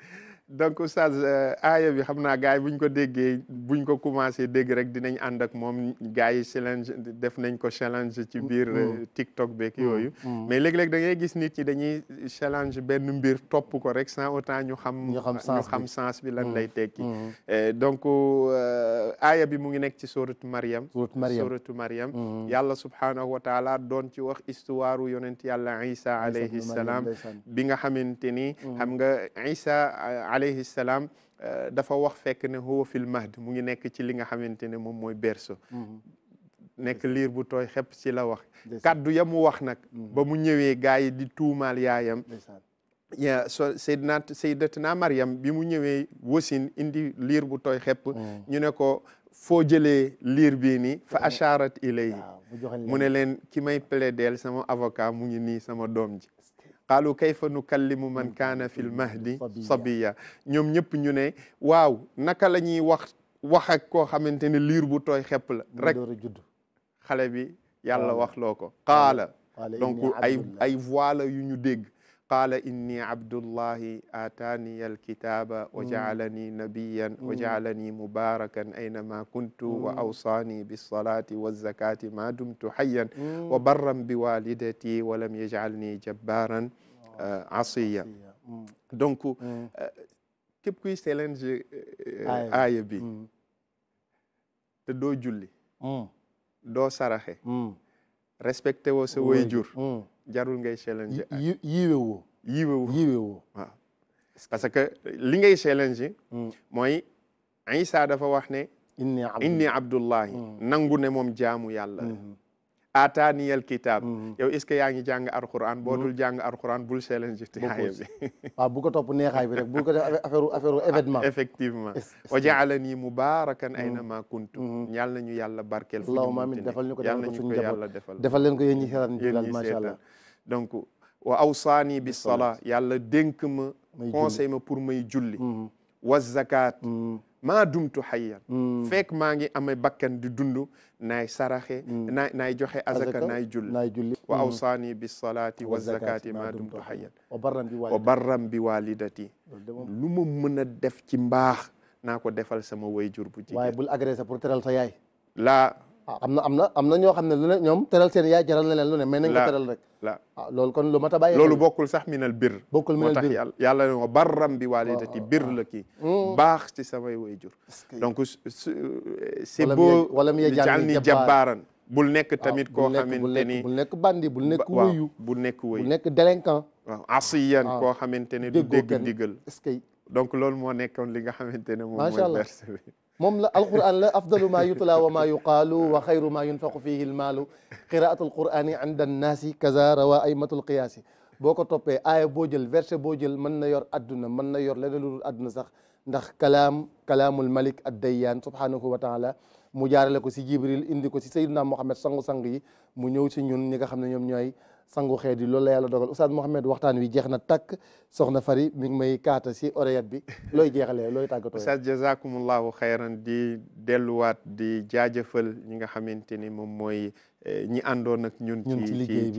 donc oustaz euh, aaya bi xam naa gars yi buñ ko déggee buñ ko commencé dégg rek dinañ ànd ak moom gars yi challenge def nañ ko challenge ci mm, biir mm. Euh, TikTok beeg mm, yooyu mais léeg-léeg da ngay gis nit ñi dañuy challenge benn mbir topp ko rek sans autant ñu xam ñu xam sens bi lan lay tekki euh, donc aaya bi mu ngi nekk ci suratu Maryam suratu Maryam yàlla subhaanahu wa taala doon ci wax histoire yonent yàlla Isa alayhi salaam bi nga xamante ni xam nga Isa alayhi salaam euh, dafa wax fekk ne huwa fil mu ngi nekk ci li nga xamante ne moom mooy berceau mm-hmm. nekk liir bu tooy xepp ci la wax kàddu ya mu wax nag mm-hmm. ba mu ñëwee gars yi di tuumaal yaayam ya so Seydina bi mu ñëwee wasin indi liir bu tooy xepp mm. ñu ne ko foo jëlee liir bii nii fa mm-hmm. asharat ilayhi mu ne leen ki may plaideel sama avocat mu ngi nii sama doom ji qaalu kayfa nukallimu man kaana fi lmahdi sabiya ñoom ñëpp ñu ne waaw naka la ñuy wax wax ak koo xamante ne liir bu tooy xepp la rek xale bi yàlla wax loo ko qaala donc ay ay voix la yu ñu dégg qaala inni abdullahi aataniya alkitaba wa jaalani nabiyan wa jaalani mubarakan aynama kuntu wa awsaani bilsalati walzakati ma dumtu hayyan wa barran bi walidati wa lam yaj'alni jabbaran asiya donc képp kuy challenge aaya bi te doo julli doo saraxe respecté woo sa way jur jarul ngay challenge yi yiiwewu yiiwewu yiiwewu parce que li ngay challenge hmm. mooy Isa dafa wax ne inni abdullahi hmm. nangu ne moom jaamu yàlla hmm. ataaniyal kitaab yow est ce que yaa ngi jàng alquran boo dul jàng alquran bul challenge tiaaya bi [laughs] waaw bu ko topp neexaay bi rek bu ko def affaire affaire ah, événement effectivement wa jaalani mubarakan ayna ma kuntu ñal nañu yàlla barkeel fu ñu defal ñu ko yàlla defal defal leen ko yéen ñi seetaan ñu daal donc wa awsaani bi salaa yàlla dénk ma conseil ma pour may julli mm-hmm. wa zakat mm-hmm. maa dumtu hayyan mm-hmm. fekk maa ngi amee bakkan di dund nay saraxe naay naay joxe azaka naay julli wa awsaani bi salaati wa zakati maa dumtu hayyan wa barram bi walidati lu ma mën a def ci mbaax naa ko defal sama wayjur bu jigéen waaye bul agressé pour teral sa yaay laa waaw ah, am na am na am na ñoo xam ne lu ne ñoom teral seen yaay jaral na leen lu ne mais nañ ko teral rek waaw ah, loolu kon lu mat a bàyyi loolu bokkul sax minal bir bokkul minal moo tax yàlla yàlla ne ma barram bi waalidati bir la kii mm. baax ci samay wayjur donc c'est beau wala mu yejal ni jabbaaran bul nekk ah, tamit koo xamante ni bul nekk bandi bul nekk wëyu bul nekk wëyu bul nekk délinquant waaw asiyan koo xamante ne du dégg ndigal donc loolu moo nekkoon li nga xamante ne moom mooy verset bi moom la alquran la afdalu ma yutla wa ma yuqaalu wa xayru ma yunfaqu fihi almaalu qiraatu alqurani inda annaasi kaza rawa aymatu alqiyaasi boo ko toppee aaya boo jël verset boo jël mën na yor adduna mën na yor leneen lu dul adduna sax ndax kalaam kalaamul malik ad dayyaan subhanahu wa taala mu jaarale ko si jibril indi ko si sayyidina muhammad sangu-sang yi mu ñëw si ñun ñi nga xam ne ñoom ñooy sangu xeet yi loolu la yàlla dogal Oustaz Mouhamed waxtaan wi jeex na takk soxna Fari mi ngi may kaata si oreillette bi looy jeexale looy tàggatoo. Oustaz jazakumullahu xayran di delluwaat di jaajëfal ñi nga xamante ni moom mooy. ñi àndoon ak ñun ci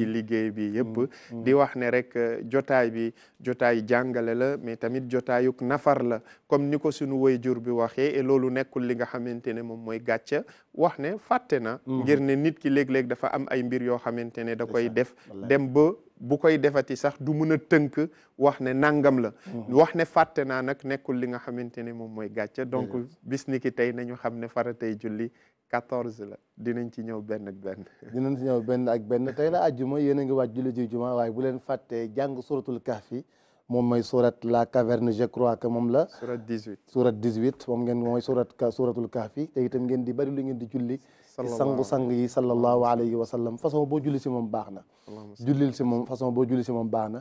liggéey bi mm, yëpp mm. di wax ne rek euh, jotaay bi jotaay jàngale la mais tamit jotaayuk nafar la comme ni ko suñu jur bi waxee et loolu nekkul li nga xamante ne moom mooy gàcce wax ne fàtte na mm-hmm. ngir ne nit ki léeg-léeg dafa am ay mbir yoo xamante ne da koy def dem ba bu koy defati sax du mën a tënk wax ne nangam la mm-hmm. wax ne fàtte naa nag nekkul li nga xamante ne moom mooy gàcce donc bis ni ki tey nañu xam ne faratay julli quatorze la dinañ ci ñëw benn ak benn [laughs] dinañ ci ñëw benn ak benn tey la àjjuma yéen a ngi waaj julli ji juma waaye bu leen fàttee jàng suratul kahfi moom mooy surat la caverne je crois que moom la surat dix-huit surat dix-huit moom ngeen mooy surat suratul kahfi te itam ngeen di bari lu ngeen di julli ci sangu-sang yi sallallahu alayhi wa sallam façon boo julli si moom baax na si moom façon boo julli si moom baax na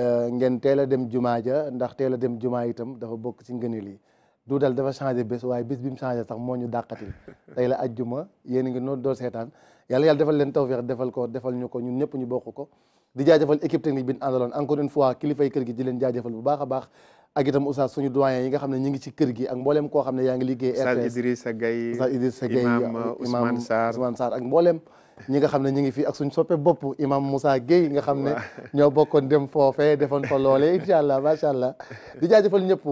euh, ngeen teel a dem jumaa ja ndax teel dem jumaa itam dafa bokk ci ngëneel yi Duudal dafa changé bés waaye bés bi mu changé sax moo ñu dàqatil la ajjuma yéen a ngi noonu doon seetaan yàlla yàlla defal leen tawféex defal ko defal ñu ko ñun ñëpp ñu bokk ko di jaajëfal équipe technique bi ñu àndaloon encore une fois gi di leen jaajëfal baax a baax ak itam oustaz suñu doyen yi nga xam ne ñu ngi ci kër gi ak mbooleem ko xam ne yaa ngi liggéey RTS oustaz Idrissa Gueye oustaz imam uh, Ousmane Sarr ak mbooleem ñi nga xam ne ñu ngi fii ak suñ soppe bopp imam Moussa Gueye nga xam ne ñoo bokkoon dem foofee defoon fa loolee incha allah macha allah di jaajëfal ñëpp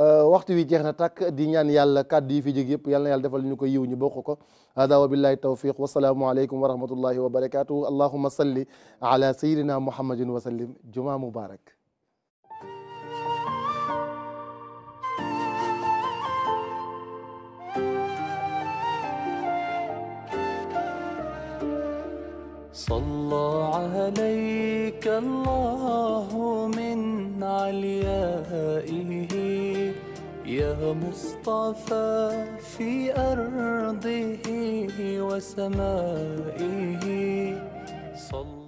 Euh, waxtu wi jeex na tàkk di ñaan yàlla kàddu yi fi jóg yëpp yàlla na yàlla defal ñu ko yiw ñu bokk ko hada wa billahi tawfiq wasalaamu aleykum wa rahmatullahi wa barakatuh allahuma salli ala sayidina muhammadin wa sallim juma mubarak صلى عليك الله من عليائه يا مصطفى في أرضه وسمائه صلى